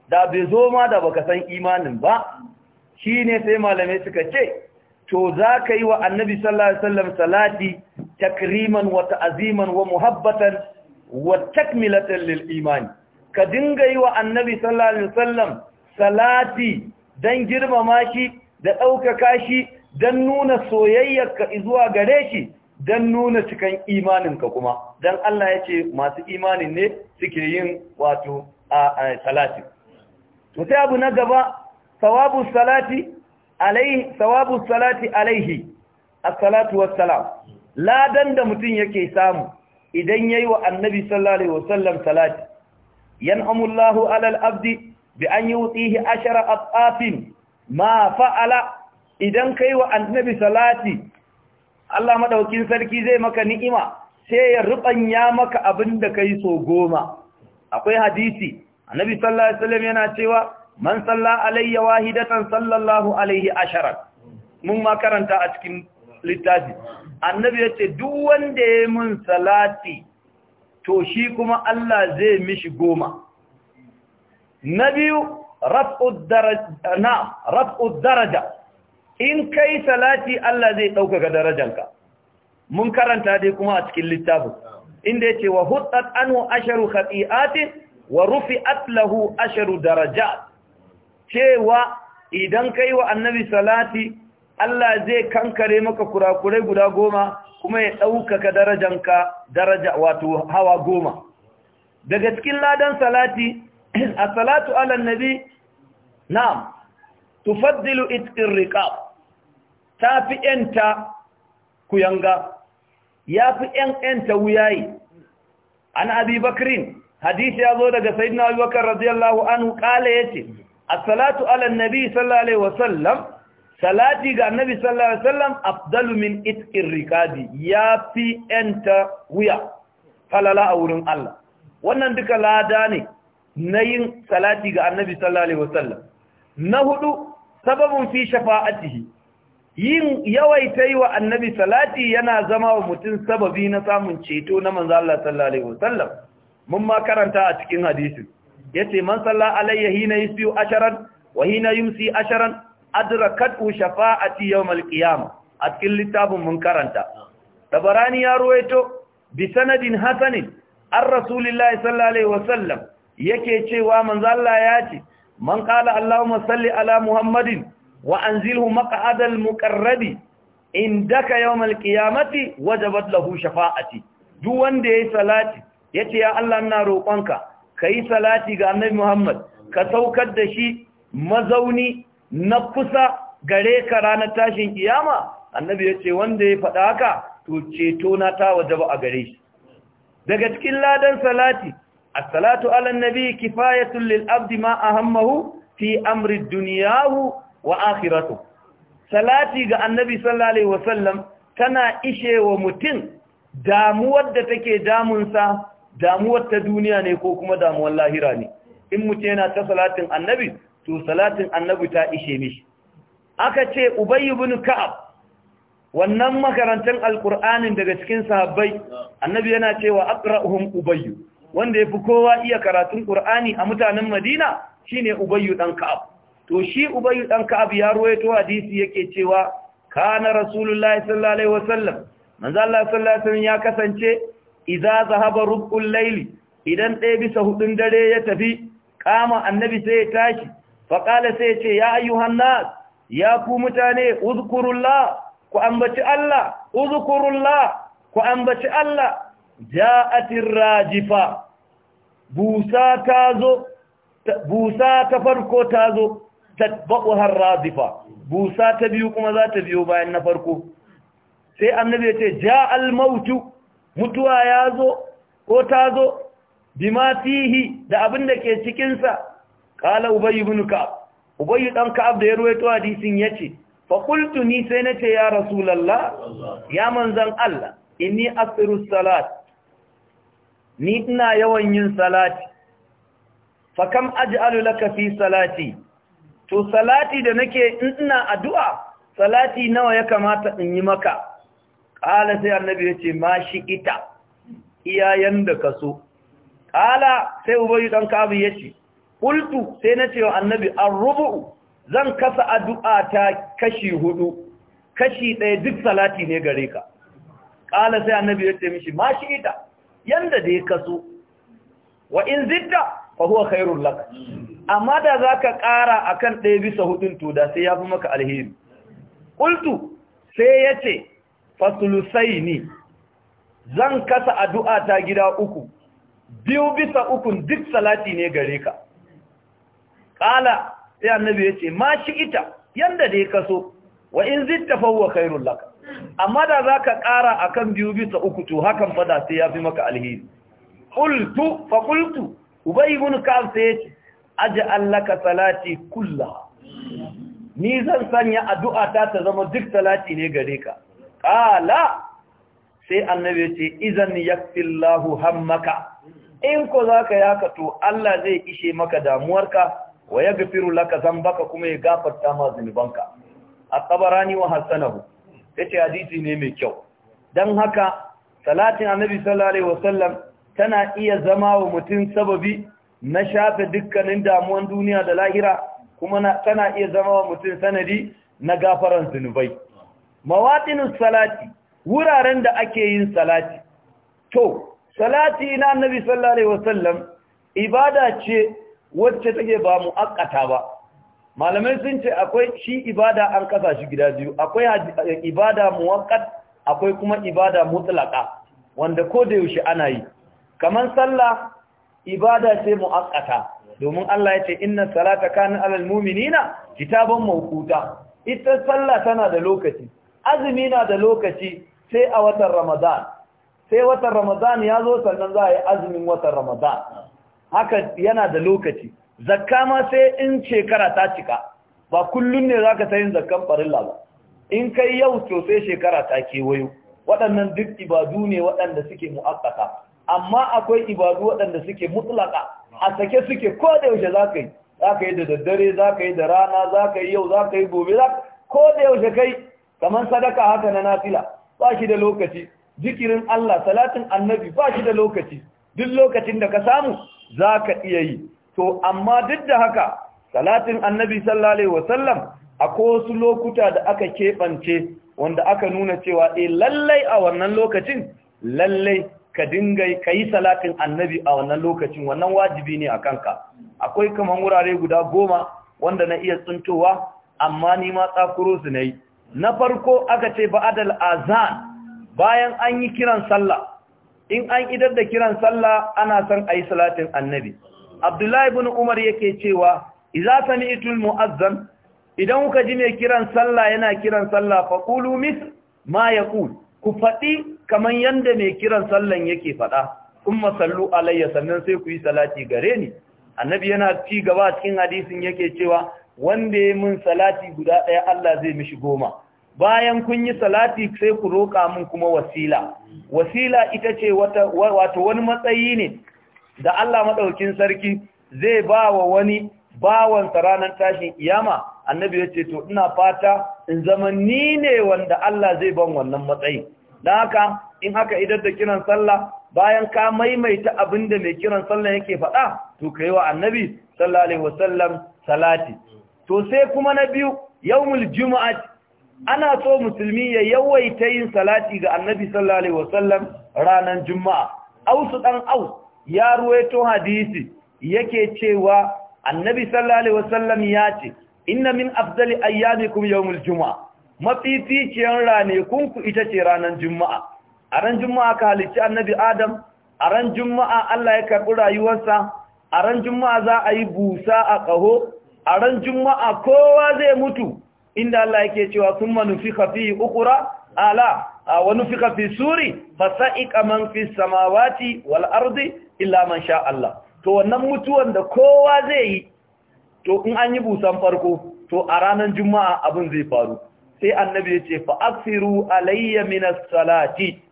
da bai zo ma da baka san imanin ba shi ne sai malamai suka ce to za ka yi wa annabi sallallahu alaihi wasallam salati takriman wa ta'ziman wa muhabbatan wa takmilatan lil iman ka dinga yi wa annabi sallallahu alaihi wasallam salati dan girmama shi da ɗaukaka shi dan nuna soyayyarka zuwa gare shi don nuna cikan imaninka kuma don Allah ya ce masu imanin ne suke yin wato a salati. Mutai abu na gaba, sawabu salati alaihi, sawabu salati alaihi, assalatu wassalam, ladan da mutum yake samu idan yayi wa annabi sallallahu Alaihi wasallam salati, yan amullahu alal abdi bi an yutihi ashara atafin ma fa'ala idan kai wa annabi salati Allah madaukin sarki zai maka ni'ima sai ya rubanya maka abin da kai so goma akwai hadisi annabi sallallahu alaihi wasallam yana cewa man salla alayya wahidatan sallallahu alaihi ashara mun ma karanta a cikin littafi annabi yace duk wanda ya mun salati to shi kuma Allah zai mishi goma na biyu raf'ud daraja in kai salati Allah zai ɗaukaka darajanka mun karanta dai kuma a cikin littafin inda yake wa hutsat anhu asharu khati'atin wa rufi'at lahu asharu darajat cewa idan kai wa annabi salati Allah zai kankare maka kurakurai guda goma kuma ya ɗaukaka darajanka daraja wato hawa goma daga cikin ladan salati asalatu ala nabi na'am tufaddilu itqir riqab tafi enta kuyanga yafi en enta wuyayi ana abi bakrin hadisi yazo daga sayyidina abubakar radiyallahu anhu kale yace asalatu salatu ala nabi sallallahu alaihi wasallam salati ga annabi sallallahu alaihi wasallam afdalu min itqir ya yafi enta wuya falala a wurin Allah wannan duka lada ne na yin salati ga annabi sallallahu wasallam na hudu sababin fi shafa'atihi yin yawaita yi wa annabi salati yana zama wa mutum sababi na samun ceto na manzo Allah sallallahu wasallam mun ma karanta a cikin hadisi yace man salla alayya hina yusbiu asharan wa hina yumsi asharan adrakatu shafa'ati yawm alqiyama a cikin littafin mun karanta tabarani ya ruwaito bi sanadin hasanin an rasulillahi sallallahu alaihi wasallam yake cewa manzo Allah ya ce man qala Allahumma salli ala Muhammadin wa anzilhu maq'adal muqarrabi indaka yawmal qiyamati wajabat lahu shafa'ati duk wanda yayi salati yace ya Allah ina roƙonka kai salati ga Annabi Muhammad ka saukar da shi mazauni na kusa gare ka ranar tashin kiyama annabi yace wanda ya faɗa haka to ceto na ta wajaba a gare shi daga cikin ladan salati as-salatu ala nabi kifayatun lil abdi ma ahammahu fi amri dunyahu wa akhiratu salati ga annabi sallallahu alaihi wasallam tana ishe wa mutum damuwar da take damunsa damuwar ta duniya ne ko kuma damuwar lahira ne in mutum yana ta salatin annabi to salatin annabi ta ishe mishi aka ce ubayy ibn ka'ab wannan makarantar alqur'anin daga cikin sahabbai annabi yana cewa aqra'uhum ubayy wanda ya fi kowa iya karatun ƙur'ani a mutanen madina shine ubayyu ɗan ka'ab to shi ubayyu ɗan ka'ab ya ruwaito hadisi yake cewa kana rasulullahi sallallahu alaihi wasallam manzo Allah sallallahu alaihi wasallam ya kasance idza zahaba rubul layli idan ɗaya bisa hudun dare ya tafi kama annabi sai ya tashi fa qala sai ya ce ya ayyuhan nas ya ku mutane uzkurullah ku ambaci Allah uzkurullah ku ambaci Allah ja'atir rajifa busa ta busa ta farko ta zo razifa busa ta biyu kuma za ta biyo bayan na farko sai annabi ya ce ja'al mautu mutuwa ya zo ko ta zo bima fihi da abin da ke cikin sa qala ubay ibn ka'ab ubay dan ka'ab da ya ruwaito hadisin yace fa qultu ni sai nace ya rasulullah ya manzan Allah inni asiru salat ni ina yawan yin salati fa kam aj'alu laka fi salati to salati da nake ina addu'a salati nawa ya kamata in yi maka ƙala sai annabi ya ce ma shi ita iyayen da ka so ƙala sai ubayi dan kabi ya ce qultu sai na ce annabi an rubu zan kasa addu'a ta kashi hudu kashi ɗaya duk salati ne gare ka ƙala sai annabi ya ce mishi ma shi ita yanda da ya kaso wa in zidda fa huwa khairul lak amma da zaka ƙara akan ɗaya bisa hudun to da sai yafi maka alheri qultu sai yace fasulusaini zan kasa addu'a ta gida uku biyu bisa ukun duk salati ne gare ka qala sai annabi yace ma shi ita yanda da ya kaso wa in zitta fa huwa khairul lak amma da za ka ƙara a kan biyu bisa uku to hakan fada sai ya fi maka alheri ƙultu fa ƙultu ubai ibn sai ya ce aji ka salati kulla ni zan sanya addu'a ta ta zama duk salati ne gare ka ƙala sai annabi ce izan yakfillahu hammaka in ko za ka yaka to Allah zai ishe maka damuwarka wa ya gafiru laka zambaka kuma ya gafarta ma zunubanka a tsabarani wa hassanahu ce hadisi ne mai kyau Don haka salatin annabi sallallahu alaihi wasallam tana iya zama wa mutum sababi na shafe dukkanin damuwan duniya da lahira kuma tana iya zama wa mutum sanadi na gafaran zunubai mawatinus salati wuraren da ake yin salati to salati na annabi sallallahu alaihi wasallam ibada ce wacce take ba mu muakkata ba malamai sun ce akwai shi ibada an kasa shi gida biyu akwai eh, ibada muwakkat akwai kuma ibada mutlaka wanda ko da yaushe ana yi kamar sallah ibada ce muakkata domin Allah ya ce inna salata kana alal mu'minina kitaban mawquta ita sallah tana da lokaci azumi na da lokaci sai a watan ramadan sai watan ramadan ya zo sannan za a yi azumin watan ramadan haka yana da lokaci zakka ma sai in shekara ta cika ba kullum ne za ka ta yin zakkan farilla ba in kai yau to sai shekara ta kewayo waɗannan duk ibadu ne waɗanda suke mu'akata amma akwai ibadu waɗanda suke mutlaka a sake suke ko da yaushe za ka yi za ka yi da daddare za ka yi da rana za ka yi yau za ka yi gobe za ko da yaushe kai kamar sadaka haka na nafila ba shi da lokaci zikirin Allah salatin annabi ba shi da lokaci duk lokacin da ka samu za ka iya yi to amma duk da haka salatin annabi sallallahu alaihi wasallam akwai wasu lokuta da aka keɓance wanda aka nuna cewa e lallai a wannan lokacin lallai ka dinga kai salatin annabi a wannan lokacin wannan wajibi ne a kanka akwai kaman wurare guda goma wanda na iya tsuntowa amma ni ma tsakuro su nayi na farko aka ce ba'adal azan bayan an yi kiran sallah in an idar da kiran sallah ana son ayi salatin annabi abdullahi ibn umar yake cewa idza sami'tul mu'azzan idan kuka ji mai kiran sallah yana kiran sallah faqulu mis ma yaqul ku faɗi kamar yadda mai kiran sallan yake faɗa. umma sallu alayya sannan sai ku yi salati gare ni annabi yana ci gaba cikin hadisin yake cewa wanda ya mun salati guda ɗaya Allah zai mishi goma bayan kun yi salati sai ku roƙa mun kuma wasila wasila ita ce wato wani matsayi ne da Allah maɗaukin sarki zai ba wa wani bawan ranar tashin iyama, annabi ya ce to ina fata in zama ni ne wanda Allah zai ban wannan matsayi don haka in haka idan da kiran sallah bayan ka maimaita abin da mai kiran sallah yake faɗa to ka yi wa annabi sallallahu alaihi wasallam salati to sai kuma na biyu yawmul juma'a ana so musulmi ya yawaita yin salati ga annabi sallallahu alaihi wasallam ranar juma'a ausu dan aus ya ruwaito hadisi yake cewa annabi sallallahu alaihi wasallam ya ce inna min afdali ayyamikum yawmul juma'a mafificiyar kun ku ita ce ranar juma'a a ran juma'a ka halicci annabi adam a ran juma'a Allah ya karɓi rayuwarsa a ran juma'a za a yi busa a ƙaho a ran juma'a kowa zai mutu inda Allah yake cewa sun manufi kafi ukura ala wani fika fi suri fasa'iqa man fi samawati wal ardi illa man sha Allah to wannan mutuwan da kowa zai yi to in an yi busan farko to a ranar juma'a abin zai faru sai annabi ya ce fa aksiru alayya salati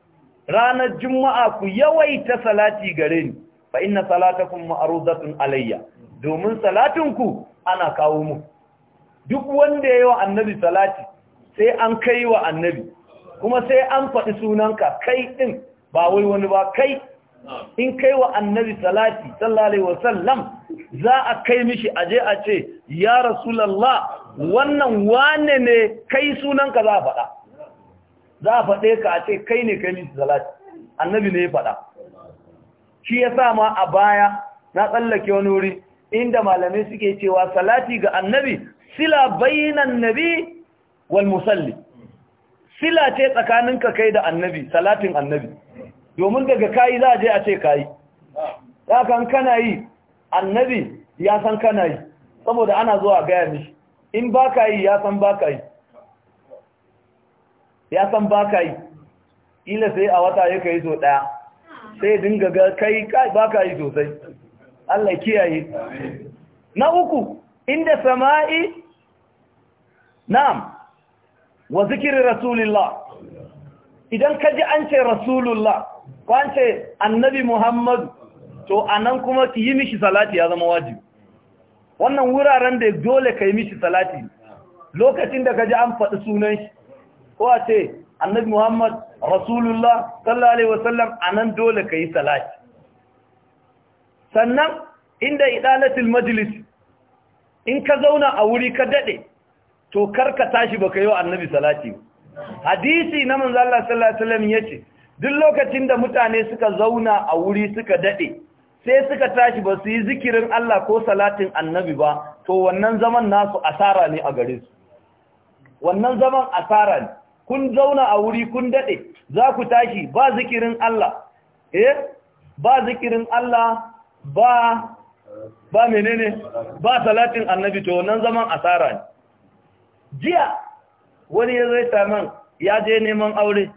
ranar juma'a ku yawaita salati gare ni fa inna salatakum ma'rudatun alayya domin salatinku ana kawo mu duk wanda yayi wa annabi salati sai an kai wa annabi kuma sai an faɗi sunanka kai ɗin ba wai wani ba kai in kai wa annabi salati sallallahu wasallam za a kai mishi aje a ce ya rasulallah wannan wane ne kai sunanka za a faɗa za a faɗe ka a ce kai ne kai mishi salati annabi ne ya faɗa shi ya sa ma a baya na tsallake wani wuri inda malamai suke cewa salati ga annabi sila bayinan nabi wal musalli sila ce tsakaninka kai da annabi salatin annabi domin daga kayi za a je a ce kayi kan kana yi annabi ya san kana yi saboda ana zuwa gaya mishi in ba ka yi ya san ba ka yi ya san ba ka yi ila sai a wata ya yi so ɗaya sai dinga ga kai ba ka yi sosai Allah kiyaye na uku inda sama'i na'am wa zikirin rasulillah idan ka ji an ce rasulullah ko an ce annabi muhammadu to a nan kuma yi mishi salati ya zama wajibi wannan wuraren da dole ka yi mishi salati lokacin da ka ji an faɗi sunan shi ko a ce annabi muhammad rasulullah sallallahu alaihi wasallam a nan dole ka yi salati sannan inda idalatul majlis in ka zauna a wuri ka daɗe to karka tashi baka yi wa annabi salati hadisi na manzo Allah sallallahu alaihi wasallam yace duk lokacin da mutane suka zauna a wuri suka dade sai suka tashi ba su yi zikirin Allah ko salatin annabi ba to wannan zaman nasu asara ne a gare su wannan zaman asara ne kun zauna a wuri kun dade za ku tashi ba zikirin Allah eh ba zikirin Allah ba ba menene ba salatin annabi to wannan zaman asara ne jiya wani ya zai saman ya je neman aure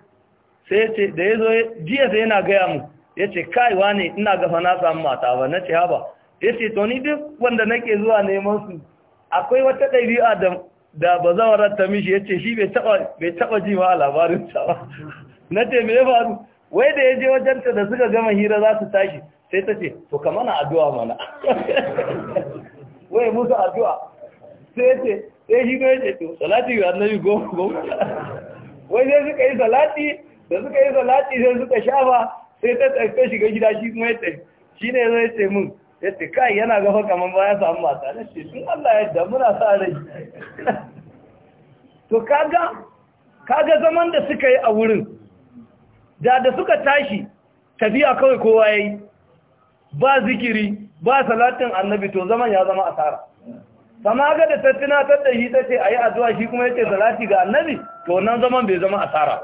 sai ce da ya zo jiya sai yana gaya mu ya ce kaiwa ne ina gafa na samu mata ba na ce haba ya ce to ni duk wanda nake zuwa neman su akwai wata ɗabi'a da da ba warar ta mishi ya ce shi bai taɓa ji ma a ta ba na ce mai faru wai da ya je wajenta da suka gama hira za su tashi sai ta ce to ka mana addu'a mana wai musu addu'a sai ce sai shi kai ce to salati yi annabi go go wai sai suka yi salati da suka yi salati sai suka shafa sai ta tafi shiga gida shi kuma yace shi ne zai ce mun yace kai yana fa kaman ba ya samu mata na ce tun Allah ya da muna sa rai to kaga kaga zaman da suka yi a wurin da da suka tashi tafiya kawai kowa yayi ba zikiri ba salatin annabi to zaman ya zama asara kama ga da ta da shi ta ce a yi addu'a shi kuma ya ce salati ga annabi to nan zaman bai zama asara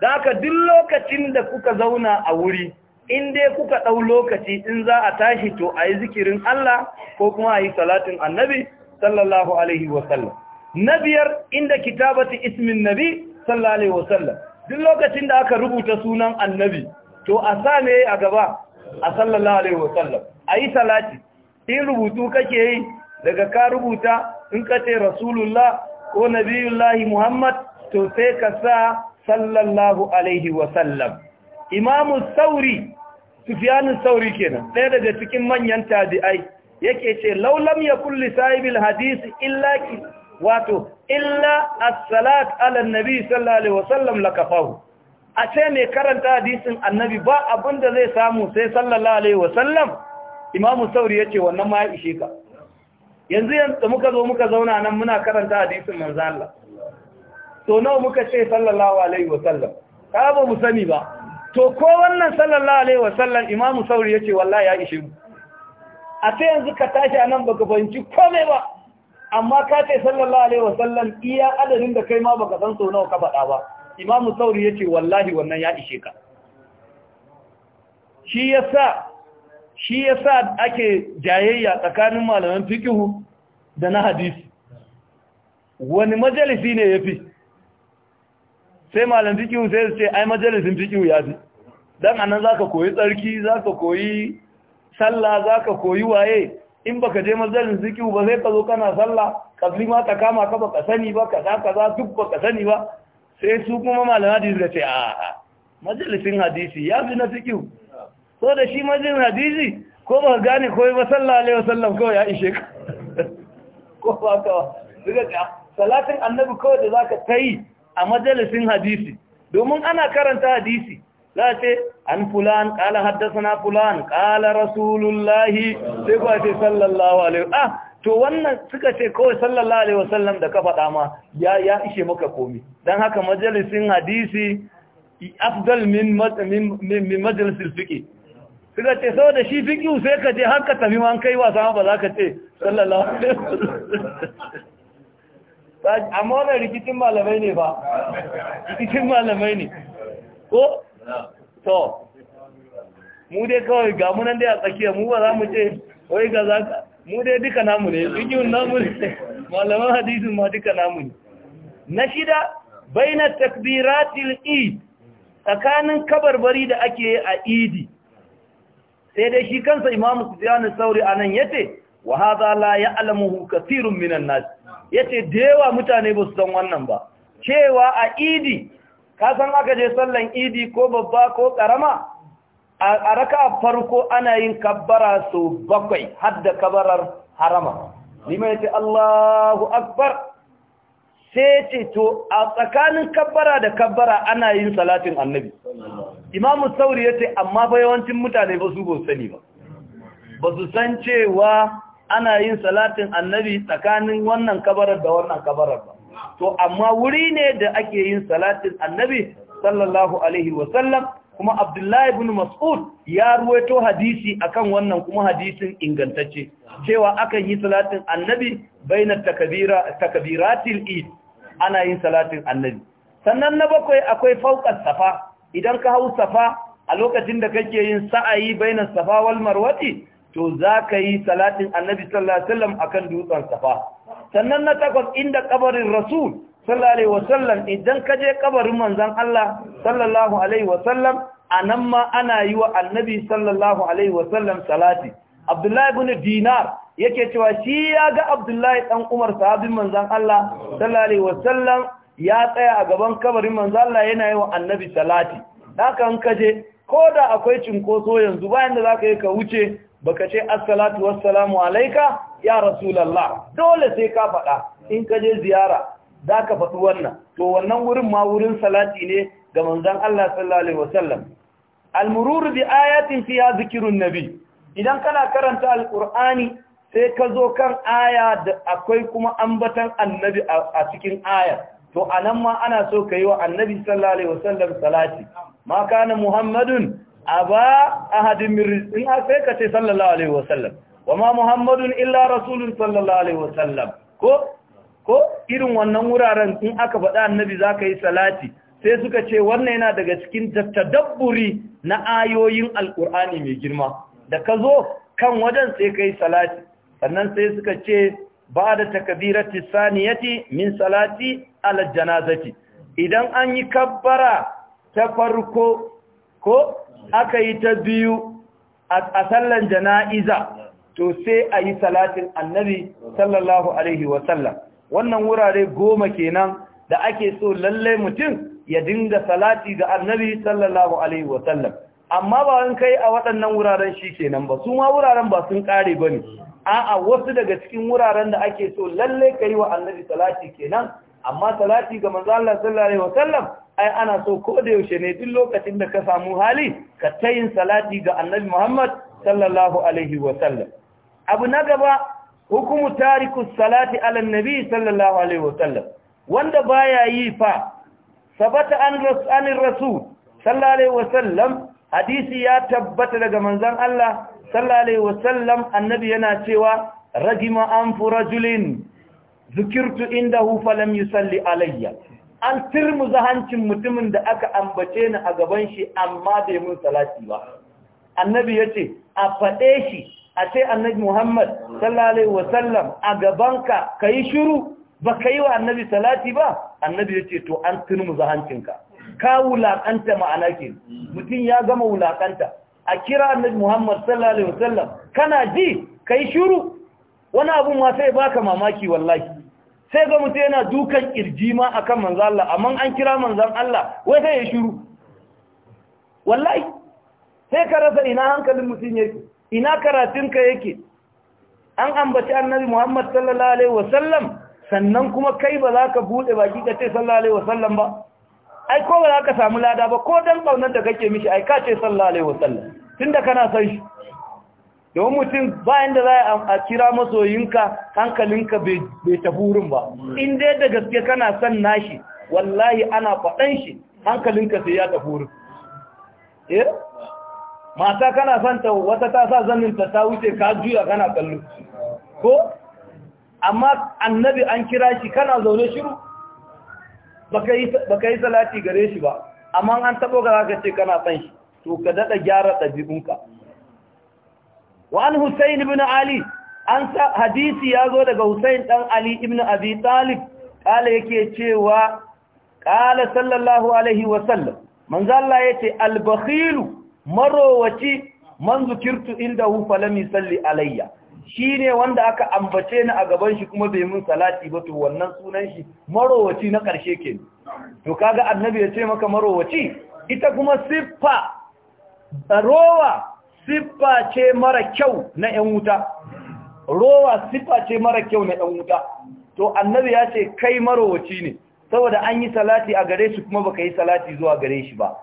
da aka duk lokacin da kuka zauna a wuri in dai kuka ɗau lokaci in za a tashi to a yi zikirin Allah ko kuma a yi salatin annabi sallallahu alaihi wasallam na biyar inda kitabati ismin nabi sallallahu alaihi wasallam duk lokacin da aka rubuta sunan annabi to a sa a gaba a sallallahu alaihi wasallam a yi salati in rubutu kake yi daga ka rubuta in ka ce rasulullah ko nabiyullahi muhammad to sai ka sa sallallahu alaihi wasallam imamu sauri sufiyanu sauri kenan ɗaya daga cikin manyan tabi'ai yake ce laulam ya kulli sahibil hadisi illa ki wato illa as-salat ala nabi sallallahu alaihi wasallam lakafahu a ce mai karanta hadisin annabi ba abinda zai samu sai sallallahu alaihi wasallam imamu sauri yace wannan ma ya ishe ka yanzu yanzu muka zo muka zauna nan muna karanta hadisin manzo Allah to nawa muka ce sallallahu alaihi wa sallam ka ba mu sani ba to ko wannan sallallahu alaihi wa sallam imamu sauri yace wallahi ya ishe mu a sai yanzu ka tashi anan baka fahimci komai ba amma ka ce sallallahu alaihi wa sallam iya adadin da kai ma baka san so nawa ka faɗa ba imamu sauri yace wallahi wannan ya ishe ka shi yasa shi ya sa ake jayayya tsakanin malaman fikihu da na hadisi wani majalisi ne ya fi? sai malam fikihu sai su ce ai majalisin fikihu fi. dan anan ka koyi tsarki za ka koyi sallah ka koyi waye in baka je majalisin fikihu ba sai ka zo kana sallah kafin ma ta kama ka baka sani ba kaza za duk baka sani ba sai su kuma malam hadisi ga ce a majalisin hadisi fi na fikihu so da shi majin hadisi ko ba gane koyi ba sallallahu alaihi wasallam kawai ya ishe ka ko ba ka daga salatin annabi kawai da zaka tayi a majalisin hadisi domin ana karanta hadisi za ce an fulan kala haddasa fulan kala rasulullahi sai ba ce sallallahu alaihi ah to wannan suka ce kawai sallallahu alaihi wasallam da ka faɗa ma ya ya ishe maka komi dan haka majalisin hadisi afdal min min min majalisil fiqh suka ce sau da shi fiƙi sai ka je haka tafi man kai wasa ba za ka ce sallallahu alaihi wasallam amma wannan rikicin malamai ne ba rikicin malamai ne ko to mu dai kawai ga mu nan dai a tsakiya mu ba za mu ce wai ga za ka mu dai duka namu ne fiƙin namu ne malaman hadisin ma duka namu ne na shida na takbiratil id tsakanin kabarbari da ake a idi sai dai shi kansa imamu na sauri anan yace wa haza la alamuhu kathirun minan Ya yace da yawa mutane ba su san wannan ba cewa a idi ka san aka je sallan idi ko babba ko karama a raka farko ana yin kabbara so bakwai hadda kabarar harama lima yace Allahu akbar sai ce to a tsakanin kabbara da kabbara ana yin salatin annabi imamu sauri ya ce amma fa yawancin mutane ba su sani ba ba su san cewa ana yin salatin annabi tsakanin wannan kabarar da wannan kabarar ba to amma wuri ne da ake yin salatin annabi sallallahu alaihi wasallam kuma abdullahi ibn mas'ud ya ruwaito hadisi akan wannan kuma hadisin ingantacce cewa akan yi salatin annabi baina takabira takabiratil eid ana yin salatin annabi sannan na bakwai akwai fauqas safa idan ka hau safa a lokacin da kake yin sa'ayi bainas safa wal marwati to za ka yi salatin annabi sallallahu alaihi wasallam akan dutsen safa sannan na takwas inda kabarin rasul sallallahu alaihi wasallam idan ka je kabarin manzon Allah sallallahu alaihi wasallam anan ma ana yi wa annabi sallallahu alaihi wasallam salati abdullahi ibn dinar yake cewa shi ya ga abdullahi dan umar sahabin manzon Allah sallallahu alaihi wasallam ya tsaya a gaban kabarin manzo Allah yana yi wa annabi salati haka an kaje ko da akwai cinkoso yanzu bayan da zaka yi ka wuce baka ce assalatu wassalamu alayka ya rasulullah dole sai ka faɗa in kaje ziyara zaka faɗi wannan to wannan wurin ma wurin salati ne ga manzon Allah sallallahu alaihi wasallam al-murur bi ayatin fiha zikrun nabi idan kana karanta alqur'ani sai ka zo kan aya da akwai kuma ambatan annabi a cikin aya. to anan ma ana so ka yi wa annabi sallallahu alaihi wasallam salati ma kana muhammadun aba ahadin min in sai ka ce sallallahu alaihi wasallam wa ma muhammadun illa rasulun sallallahu alaihi wasallam ko ko irin wannan wuraren in aka faɗa annabi zaka yi salati sai suka ce wannan yana daga cikin tattadabburi na ayoyin alkur'ani mai girma da kazo kan wajen sai ka salati sannan sai suka ce Ba da takbirati saniyati min salati ala janazati idan an yi kabbara ta farko ko aka yi ta biyu a sallan jana'iza to sai a yi salatin annabi sallallahu alaihi wasallam wannan wurare goma kenan da ake so lallai mutum ya dinga salati ga annabi sallallahu alaihi wasallam amma ba wani kai a waɗannan wuraren shi kenan ba su ma wuraren ba sun ƙare ba ne a'a wasu daga cikin wuraren da ake so lallai ka yi wa annabi salati kenan amma salati ga Manzallar sallare sallallahu alaihi ai ana so ko da yaushe ne duk lokacin da ka samu hali ka ta yin salati ga annabi Muhammad sallallahu alaihi wasallam abu na gaba hukumu tariku salati ala nabi sallallahu alaihi wasallam wanda baya yi fa sabata an rasul sallallahu alaihi wasallam hadisi ya tabbata daga manzon Allah sallallahu alaihi wasallam annabi yana cewa ragima an rajulin zikirtu indahu falam yusalli alayya an tirmu zahancin mutumin da aka ambace ni a gaban shi amma bai mun salati ba annabi yace a faɗe shi a ce annabi Muhammad sallallahu alaihi wasallam a gabanka kai shiru ba kai wa annabi salati ba annabi yace to an tirmu zahancinka. ka wulaƙanta ma'ana ke mutum ya gama wulaƙanta a kira na Muhammad sallallahu alaihi wasallam kana ji ka yi shiru wani abu ma sai baka mamaki wallahi sai ga mutum yana dukan kirji ma akan manzo Allah amma an kira manzan Allah wai sai ya shiru wallahi sai ka rasa ina hankalin mutum yake ina karatunka yake an ambaci annabi Muhammad sallallahu alaihi wasallam sannan kuma kai ba za ka bude baki ka ce sallallahu alaihi wasallam ba ai ko ba za ka samu lada ba ko dan kaunar da kake mishi ai ka ce sallallahu alaihi wasallam tunda kana san shi don mutum bayan da za a kira masoyinka hankalinka bai wurin ba in dai da gaske kana son nashi wallahi ana faɗan shi hankalinka sai ya tafurin eh mata kana son ta wata ta sa zannin ta ta wuce ka juya kana kallo ko amma annabi an kira shi kana zaune shiru baka yi salati gare shi ba amma an tabo ga zaka ce kana san shi to ka dada gyara dabi'unka wa an Husayn ibn Ali an sa hadisi yazo daga Husayn dan Ali ibn Abi Talib kala yake cewa kala sallallahu alaihi wa sallam manzo Allah yace al-bakhilu marowaci man zukirtu hu falam yusalli alayya shi ne wanda aka ambace ni a gaban shi kuma bai mun salati ba to wannan sunan shi marowaci na ƙarshe ke to kaga annabi ya ce maka marowaci ita kuma siffa rowa siffa ce mara kyau na ƴan wuta rowa siffa ce mara kyau na ƴan wuta to annabi ya ce kai marowaci ne saboda an yi salati a gare shi kuma baka yi salati zuwa gare shi ba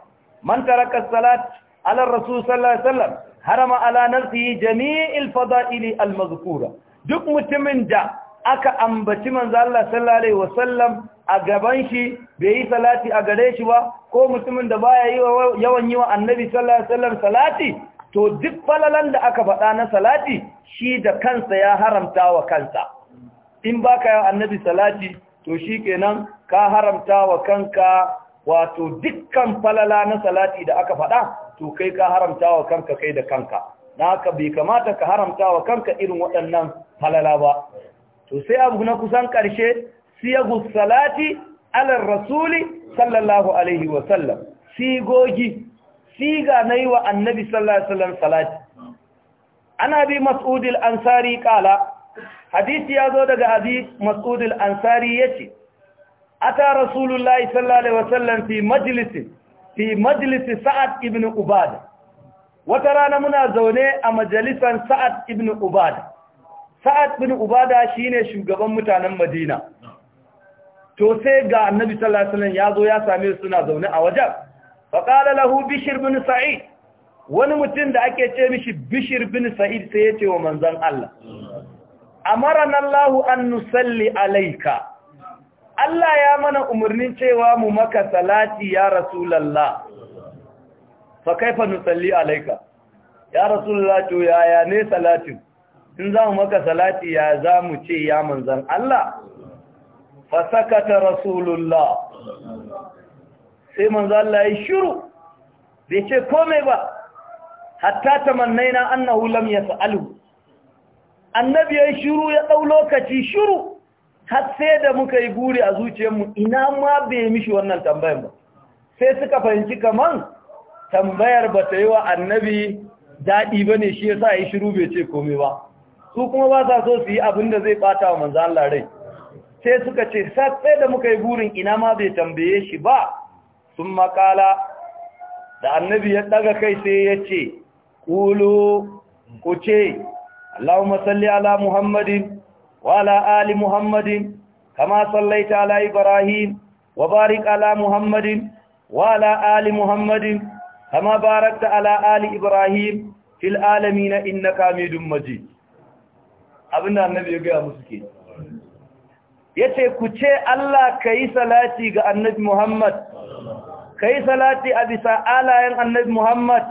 man taraka salat ala rasul sallallahu alaihi wasallam harama ala nafsihi jami'il fada'ili al-mazkura duk mutumin da aka ambaci manzo Allah sallallahu alaihi wasallam a gaban shi bai yi salati a gare shi ba ko mutumin da baya yi yawan yi wa annabi sallallahu alaihi wasallam salati to duk falalan da aka faɗa na salati shi da kansa ya haramta wa kansa in baka yi annabi salati to shikenan ka haramta wa kanka wato dukkan falala na salati da aka faɗa to kai ka haramta wa kanka kai da kanka na haka bai kamata ka haramta wa kanka irin waɗannan halala ba to sai abu na kusan ƙarshe siyagu salati alar rasuli sallallahu alaihi wa sallam. sigogi siga na yi wa annabi sallallahu alaihi wasallam salati ana bi mas'udil ansari kala hadisi ya zo daga abi mas'udil ansari ya yace ata rasulullahi sallallahu alaihi sallam fi majlisin fi majalisi sa'ad ibn ubada wata rana muna zaune a majalisan sa'ad ibn ubada sa'ad ibn ubada shine shugaban mutanen madina to sai ga annabi sallallahu alaihi wasallam ya same suna zaune a wajen fa Bishir lahu sa'id wani mutum da ake ce mishi bishir bin sa'id sai ya ce wa manzan Allah amarana Allahu an nusalli alaika Allah ya mana umarnin cewa mu maka salati ya Rasulallah, fa kaifa nusalli alaika, ya Rasulallah to yaya ne salatin, in za mu maka salati ya za mu ce ya manzan Allah, fa sakata Rasulullah, sai manzan Allah ya shiru, bai ce komai ba, hatta tamannaina annahu lam yas'alu annabi ya shiru ya dau lokaci shiru har sai da muka yi buri a zuciyarmu ina ma bai mishi wannan tambayar ba sai suka fahimci kaman tambayar ba ta yi wa annabi daɗi ba ne shi ya sa yi shiru bai ce komai ba su kuma ba sa so su yi abin da zai ɓata wa manzan larai rai sai suka ce sai da muka yi burin ina ma bai tambaye shi ba sun makala da annabi ya ɗaga kai sai ya ce ƙulo ku ce Allahumma salli ala Muhammadin وعلى آل محمد كما صليت على إبراهيم وبارك على محمد وعلى آل محمد كما باركت على آل إبراهيم في العالمين إنك حميد مجيد abinda annabi ya gaya musu ke ce ku ce Allah yi salati ga annabi Muhammad yi salati a bisa alayen annabi Muhammad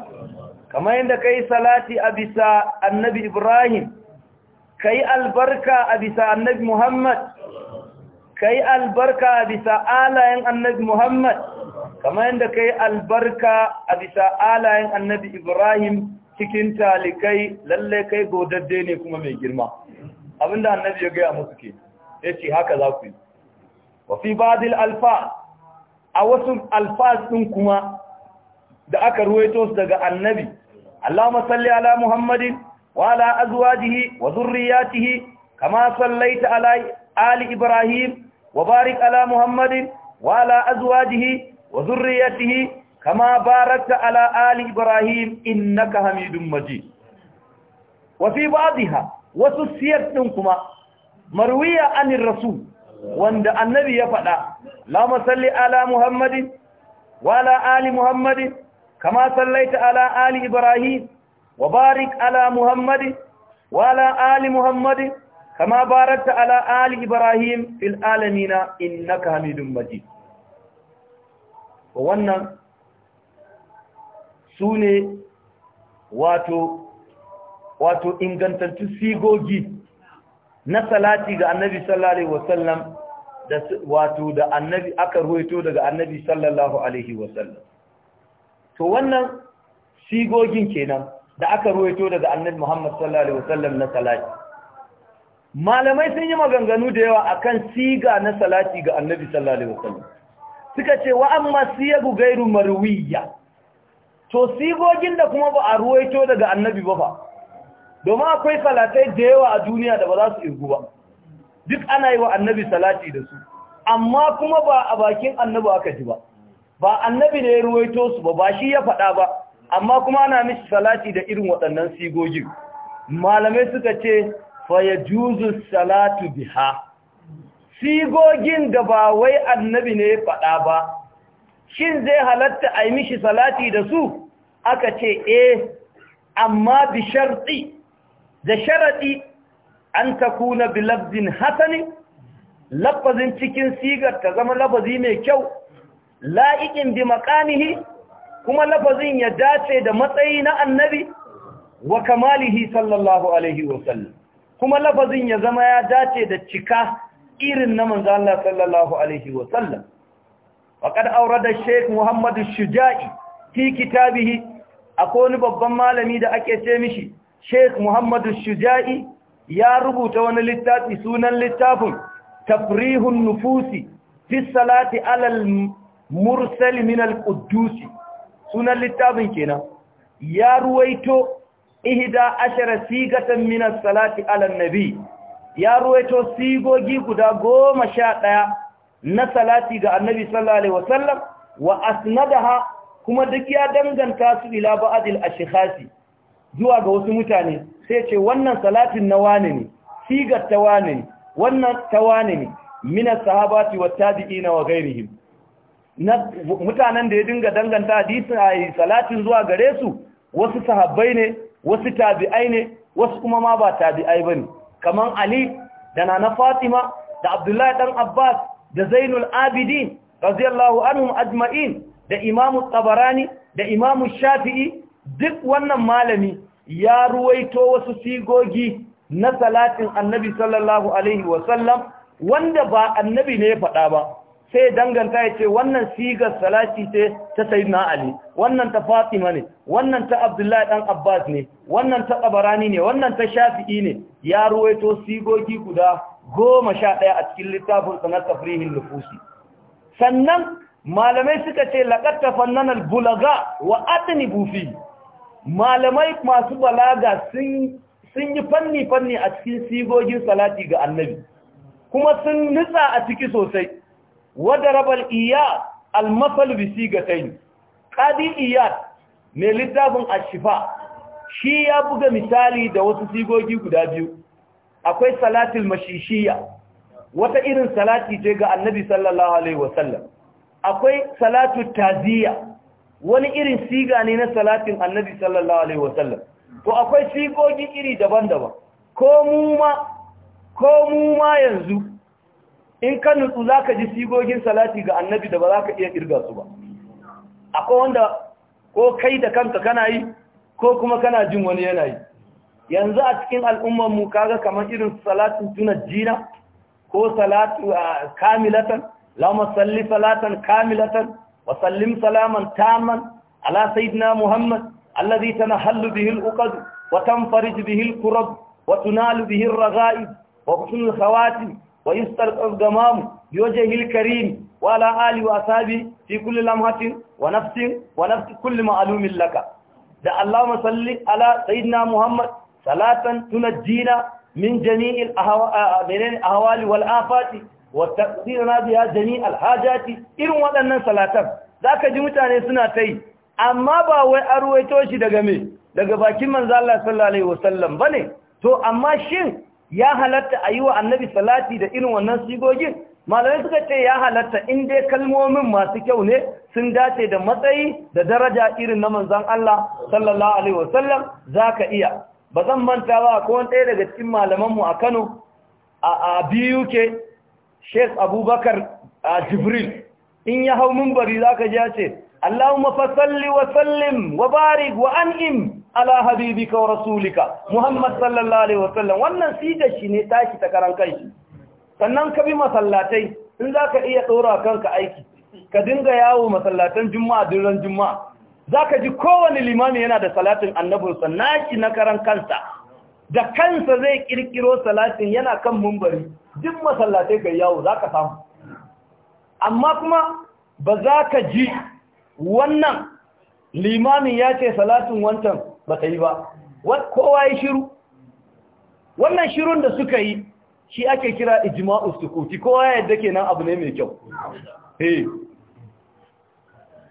kamar yadda yi salati a bisa annabi Ibrahim kai albarka a bisa annabi Muhammad kai albarka a bisa alayen annabi Muhammad kamar yadda kai albarka a bisa alayen annabi Ibrahim cikin talikai lalle kai godadde ne kuma mai girma abinda annabi ya gaya musu ke yace haka za ku yi wa fi badil alfa a wasu alfas din kuma da aka ruwaito daga annabi Allahumma salli ala Muhammadin وعلى أزواجه وذرياته كما صليت على آل إبراهيم وبارك على محمد وعلى أزواجه وذرياته كما باركت على آل إبراهيم إنك حميد مجيد وفي بعضها وسسيت مروية عن الرسول وأن النبي يفعل اللهم صل على محمد وعلى آل محمد كما صليت على آل إبراهيم وبارك على محمد وعلى آل محمد كما باركت على آل إبراهيم في العالمين إنك حميد مجيد wannan su ne wato wato ingantattun sigogi na salati ga annabi sallallahu alaihi wasallam da wato da annabi aka ruwaito daga annabi sallallahu alaihi wasallam to wannan sigogin kenan da aka ruwaito daga annabi Muhammad sallallahu alaihi wasallam na salati malamai sun yi maganganu da yawa akan siga na salati ga annabi sallallahu alaihi wasallam suka ce wa amma siyagu gairu marwiya to sigogin da kuma ba a ruwaito daga annabi ba fa domin akwai salatai da yawa a duniya da ba za su irgu ba duk ana yi wa annabi salati da su amma kuma ba a bakin annabi aka ji ba ba annabi ne ya ruwaito su ba ba shi ya faɗa ba amma kuma ana mishi salati da irin waɗannan sigogin malamai suka ce faya juzu salatu biha sigogin da ba wai annabi ne faɗa ba shin zai halatta a yi mishi salati da su aka ce eh amma bi sharɗi da sharaɗi an ta kuna bi labzin hasani lafazin cikin sigar ta zama lafazi mai kyau la'ikin bi makanihi kuma lafazin ya dace da matsayi na annabi wa kamalihi sallallahu alaihi wasallam kuma lafazin ya zama ya dace da cika irin na manzo Allah sallallahu alaihi wasallam faqad awrada Sheikh Muhammad Shujai fi kitabihi akwai wani babban malami da ake ce mishi Sheikh Muhammad Shujai ya rubuta wani littafi sunan littafin Tafrihun Nufusi fi salati alal mursal min al-Quddusi sunan littafin kenan ya ruwaito ihda ashara sigatan min as-salati ala nabi ya ruwaito sigogi guda goma sha ɗaya na salati ga annabi sallallahu alaihi wasallam wa asnadaha kuma duk ya danganta su ila ba'dil ashkhasi zuwa ga wasu mutane sai ce wannan salatin na wani ne sigar ta wani ne wannan ta wani ne min as-sahabati wat tabi'ina wa ghairihim mutanen da ya dinga danganta hadisin a salatin zuwa gare su wasu sahabbai ne wasu tabi'ai ne wasu kuma ma ba tabi'ai ba ne. kamar ali da na fatima da abdullahi dan abbas da zainul abidin raziyallahu anhum ajma'in da imamu tabarani da imamu shafi'i duk wannan malami ya ruwaito wasu sigogi na salatin annabi sallallahu alaihi wasallam wanda ba annabi ne ya faɗa ba sai danganta ya ce wannan sigar salati ce ta na ali wannan ta fatima ne wannan ta abdullahi dan abbas ne wannan ta tabarani ne wannan ta shafi'i ne ya ruwaito sigogi guda goma sha ɗaya a cikin littafin sanar tafrihin nufusi sannan malamai suka ce laƙatta fannanar bulaga wa atini bufi malamai masu balaga sun yi fanni-fanni a cikin sigogin salati ga annabi kuma sun nutsa a ciki sosai وضرب الإياد المثل بسيغتين قاضي إياد mai littafin ashifa shi ya buga misali da wasu sigogi guda biyu akwai salatul mashishiya wata irin salati ce ga annabi sallallahu alaihi wasallam akwai salatul taziya wani irin siga ne na salatin annabi sallallahu alaihi wasallam to akwai sigogi iri daban-daban ko mu ko mu ma yanzu in ka nutsu za ka ji sigogin salati ga annabi da ba za ka iya kirga su ba akwai wanda ko kai da kanka kana yi ko kuma kana jin wani yana yi yanzu a cikin al'ummarmu kaga kamar irin salatin tuna jina ko salatu kamilatan lama salli salatan kamilatan wa sallim salaman taman ala sayyidina muhammad alladhi tanahallu bihi al-uqad wa tanfarij bihi al-kurab wa tunalu bihi ar-raghaib wa husnul khawatim ويسترق الغمام بوجهه الكريم وعلى آله وأصحابه في كل لمحة ونفس ونفس كل معلوم لك ده اللهم صل على سيدنا محمد صلاة تنجينا من جميع الأهوال والآفات وتقديرنا بها جميع الحاجات إن ودنا صلاة ذاك جمتاني سنة تي أما باوي أرويتوشي دقمي daga bakin manzo Allah sallallahu alaihi wasallam bane to amma shin ya halatta a yi wa annabi salati da irin wannan sigogin malamai suka ce ya halatta in dai kalmomin masu kyau ne sun dace da matsayi da daraja irin na manzan Allah sallallahu alaihi wasallam zaka iya ba zan manta ba ko ɗaya daga cikin malamanmu a Kano a BUK Sheikh Abubakar a Jibril in ya hau za ka ji ya ce Allahumma fasalli wa sallim wa barik wa an'im ala habibika wa rasulika Muhammad sallallahu alaihi wasallam wannan sigar shi ne tashi ta karan kai sannan ka bi masallatai in zaka iya dora kanka aiki ka dinga yawo masallatan juma'a ran juma'a zaka ji kowane limami yana da salatin annabin sa naki na karan kansa da kansa zai kirkiro salatin yana kan mumbari duk masallatai ga yawo zaka samu amma kuma ba za ji wannan limamin ya ce salatin wancan ba ta yi ba kowa yi shiru wannan shirun da suka yi shi ake kira ijma'u sukuti kowa yadda nan abu ne mai kyau eh.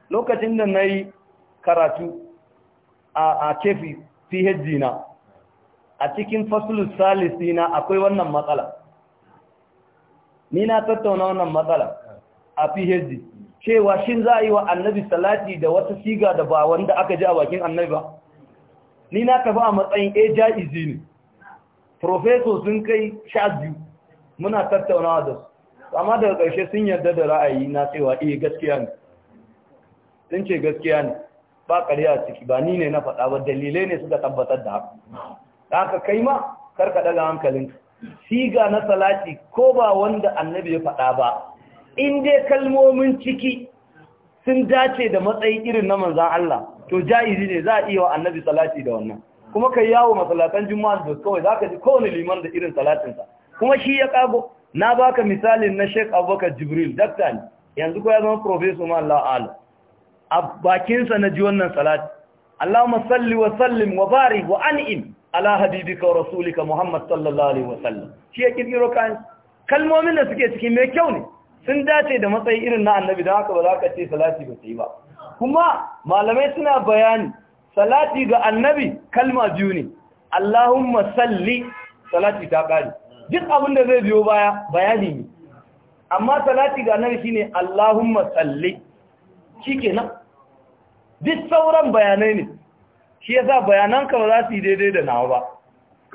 lokacin da na yi karatu a a kefi PhD na a cikin fasulus salis dina akwai wannan matsala ni na tattauna wannan matsala a PhD cewa shin za a yi wa annabi salati da wata siga da ba wanda aka ji a bakin annabi ba ni na tafi a matsayin a ja'izi ne profeso sun kai sha biyu muna tattaunawa da su amma daga ƙarshe sun yarda da ra'ayi na cewa iya eh, gaskiya ne sun ce gaskiya ne ba ƙarya ciki ba ni ne na faɗa ba dalilai ne suka tabbatar da haka da haka kai ma karka daga hankalinka siga na salati ko ba wanda annabi ya faɗa ba in dai kalmomin ciki sun dace da matsayi irin na manzan Allah to jaizi ne za a iya wa annabi salati da wannan kuma kai yawo masallatan juma'a da kawai zaka ji kowane liman da irin salatinsa kuma shi ya kago na baka misalin na Sheikh Abubakar Jibril dakta yanzu ko ya zama professor ma Allah a'ala a bakin sa ji wannan salati Allahumma salli wa sallim wa barik wa an'im ala habibika wa rasulika Muhammad sallallahu alaihi wa sallam shi ya kirkiro kan kalmomin da suke cikin mai kyau ne sun dace da matsayi irin na annabi don haka ba za ka ce salati ba sai ba kuma malamai suna bayani salati ga annabi kalma biyu ne Allahumma salli salati ta kare duk abin da zai biyo baya bayani ne amma salati ga annabi shine Allahumma salli shikenan duk sauran bayanai ne shi yasa bayanan ka za su yi daidai da nawa ba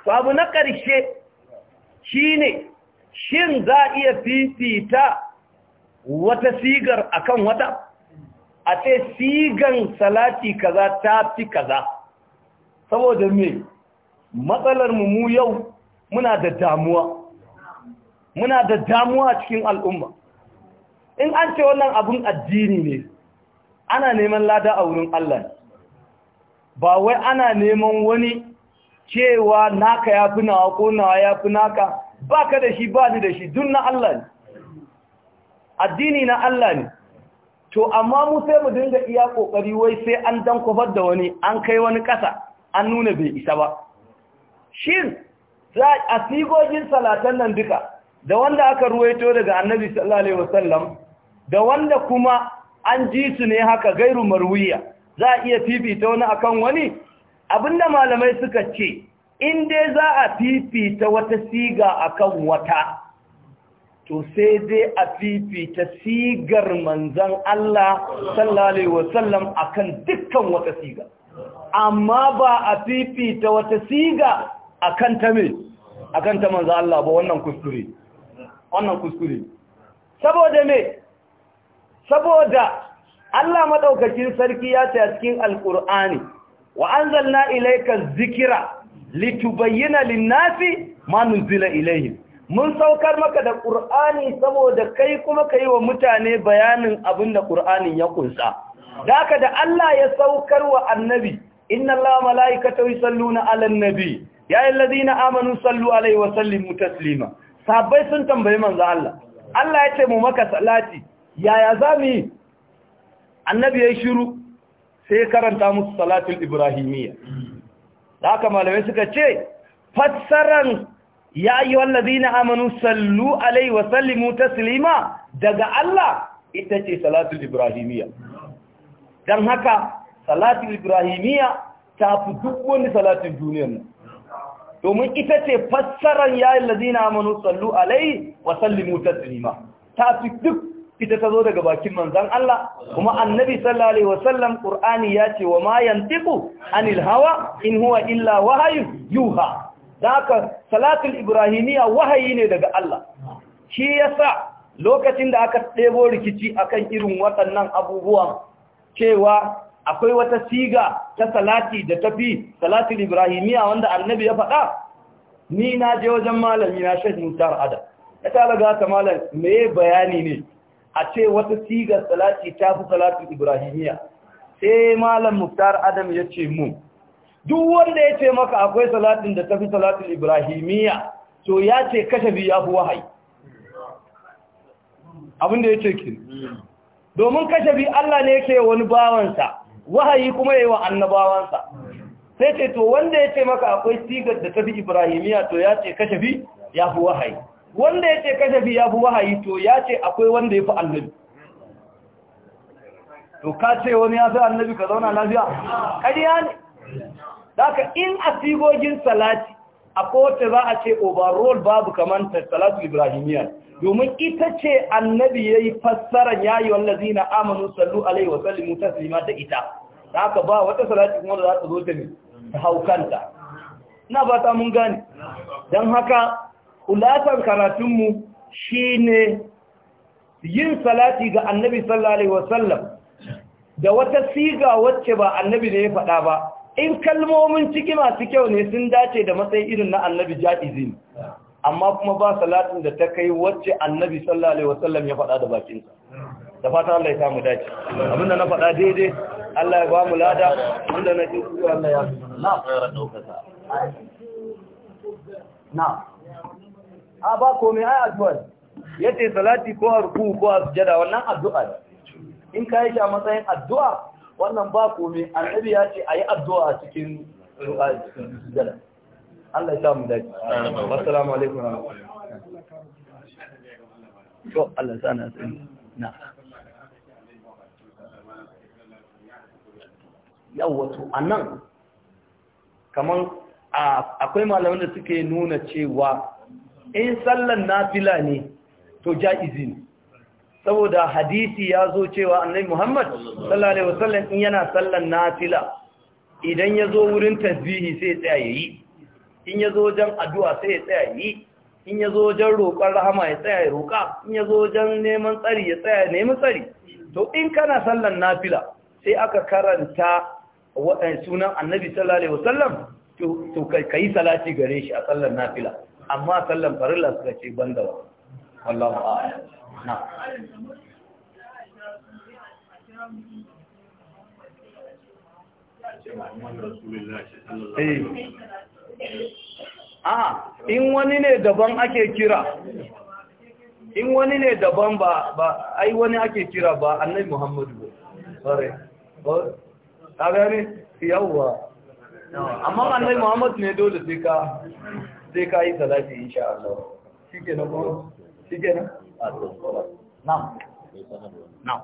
to abu na ƙarshe shine shin za a iya fifita wata sigar akan wata a ce sigan salati kaza ta fi kaza saboda me matsalar mu mu yau muna da damuwa muna da damuwa cikin al'umma in an ce wannan abun addini ne ana neman lada a wurin Allah ba wai ana neman wani cewa naka ya fi nawa ko nawa ya fi naka ba ka da shi ba ni da shi dun na Allah ne addini na Allah ne to amma mu sai mu dinga iya kokari wai sai an dan kofar da wani an kai wani ƙasa an nuna bai isa ba shin za a sigogin salatan nan duka da wanda aka ruwaito daga annabi sallallahu alaihi wasallam da wanda kuma an ji su ne haka gairu marwiya za a iya fifita wani akan wani abinda malamai suka ce in dai za a fifita wata siga akan wata to sai dai a fifita sigar manzan Allah sallallahu wasallam akan dukkan wata siga amma ba a fifita wata siga akan ta me akan ta manzan Allah ba wannan kuskure wannan kuskure saboda me saboda Allah madaukakin sarki ya ce a cikin alqur'ani wa anzalna ilayka dhikra litubayyana lin-nasi ma nuzila ilayhim mun saukar maka da ƙur'ani saboda kai kuma ka yi wa mutane bayanin abin da ƙur'anin ya kunsa daga da Allah ya saukar wa annabi inna Allah mala'ikata yi sallu na alan nabi ya yi lazina amanu sallu alai wa sallimu taslima sabbai sun tambayi manzo Allah Allah ya ce mu maka salati yaya za mu yi annabi ya yi shiru sai karanta musu salatin ibrahimiyya da haka malamai suka ce fassaran ya yi wallazi na amanu sallu alai wa sallimu taslima daga Allah ita ce salatul ibrahimiyya don haka salatul ibrahimiyya ta fi duk wani salatin duniyar nan domin ita ce fassarar ya yi lazi na amanu sallu alai wa sallimu taslima ta fi duk ita ta zo daga bakin manzan Allah kuma annabi sallallahu alaihi wasallam qur'ani ya ce wa ma yantiqu anil hawa in huwa illa wahyu yuha da haka salatul ibrahimiya wahayi ne daga Allah shi yasa lokacin da aka ɗebo rikici akan irin waɗannan abubuwan cewa akwai wata siga ta salati da tafi salatul ibrahimiya wanda annabi ya faɗa ni na je wajen malami na shaikh mutar adam ya ta laga ta malam me bayani ne a ce wata sigar salati ta fi salatul ibrahimiya sai malam mutar adam ya ce mu duk wanda ya ce maka akwai salatin da tafi salatin ibrahimiyya to ya ce kashe bi ya fi wahayi abin da ya ce ki domin kashe bi Allah ne ke wani bawansa wahayi kuma yi wa annabawansa sai ce to wanda ya ce maka akwai sigar da tafi ibrahimiyya to ya ce kashe bi ya fi wahayi wanda ya ce kashe bi ya fi wahayi to ya ce akwai wanda ya fi annabi to ka ce wani ya fi annabi ka zauna lafiya ƙariya ne Daka in a sigogin salati a kowace za a ce overall babu kamanta salatu ibrahimiyya domin ita ce annabi ya yi fassarar yayi wallazi na amanu sallu alaihi wa mutar taslima da ita da ba wata salati kuma da za ta zo ta ne ta haukanta na ba ta mun gane don haka kulatan karatunmu shi ne yin salati ga annabi sallu alaihi wa sallam da wata siga wacce ba annabi ne ya faɗa ba in kalmomin ciki masu kyau ne sun dace da matsayin irin na annabi ja'izi amma kuma ba salatin da ta kai wacce annabi sallallahu alaihi wasallam ya faɗa da bakinsa da fata Allah ya samu dace abinda na faɗa daidai Allah ya ba mu lada wanda na ji ku Allah ya na fara daukata na a ba komai ai addu'a yace salati ko arku ko sujada wannan addu'a in kai shi a matsayin addu'a wannan ba komai annabi ya ce ayi addu'a cikin ruwa cikin sujada Allah ya samu daji assalamu alaikum wa rahmatullahi to Allah sana sani na yawa to anan kaman akwai malaman da suke nuna cewa in sallan nafila ne to jaizi ne saboda hadisi ya zo cewa annabi Muhammad sallallahu alaihi wasallam in yana sallan nafila idan ya zo wurin tasbihi sai ya tsaya yi in ya zo wajen addu'a sai ya tsaya yi in ya zo wajen roƙon rahama ya tsaya ya roƙa in ya zo wajen neman tsari ya tsaya ya nemi tsari to in kana sallan nafila sai aka karanta sunan annabi sallallahu alaihi wasallam to kai salati gare shi a sallan nafila amma sallan farilla suka ce banda wa wallahu a'lam a in wani ne daban ake kira in wani ne daban ba ba ai wani ake kira ba annabi muhammadu bare ta gani yawwa amma annabi muhammadu ne dole sai ka sai ka yi salati insha Allah shikenan ko na? na'am na'am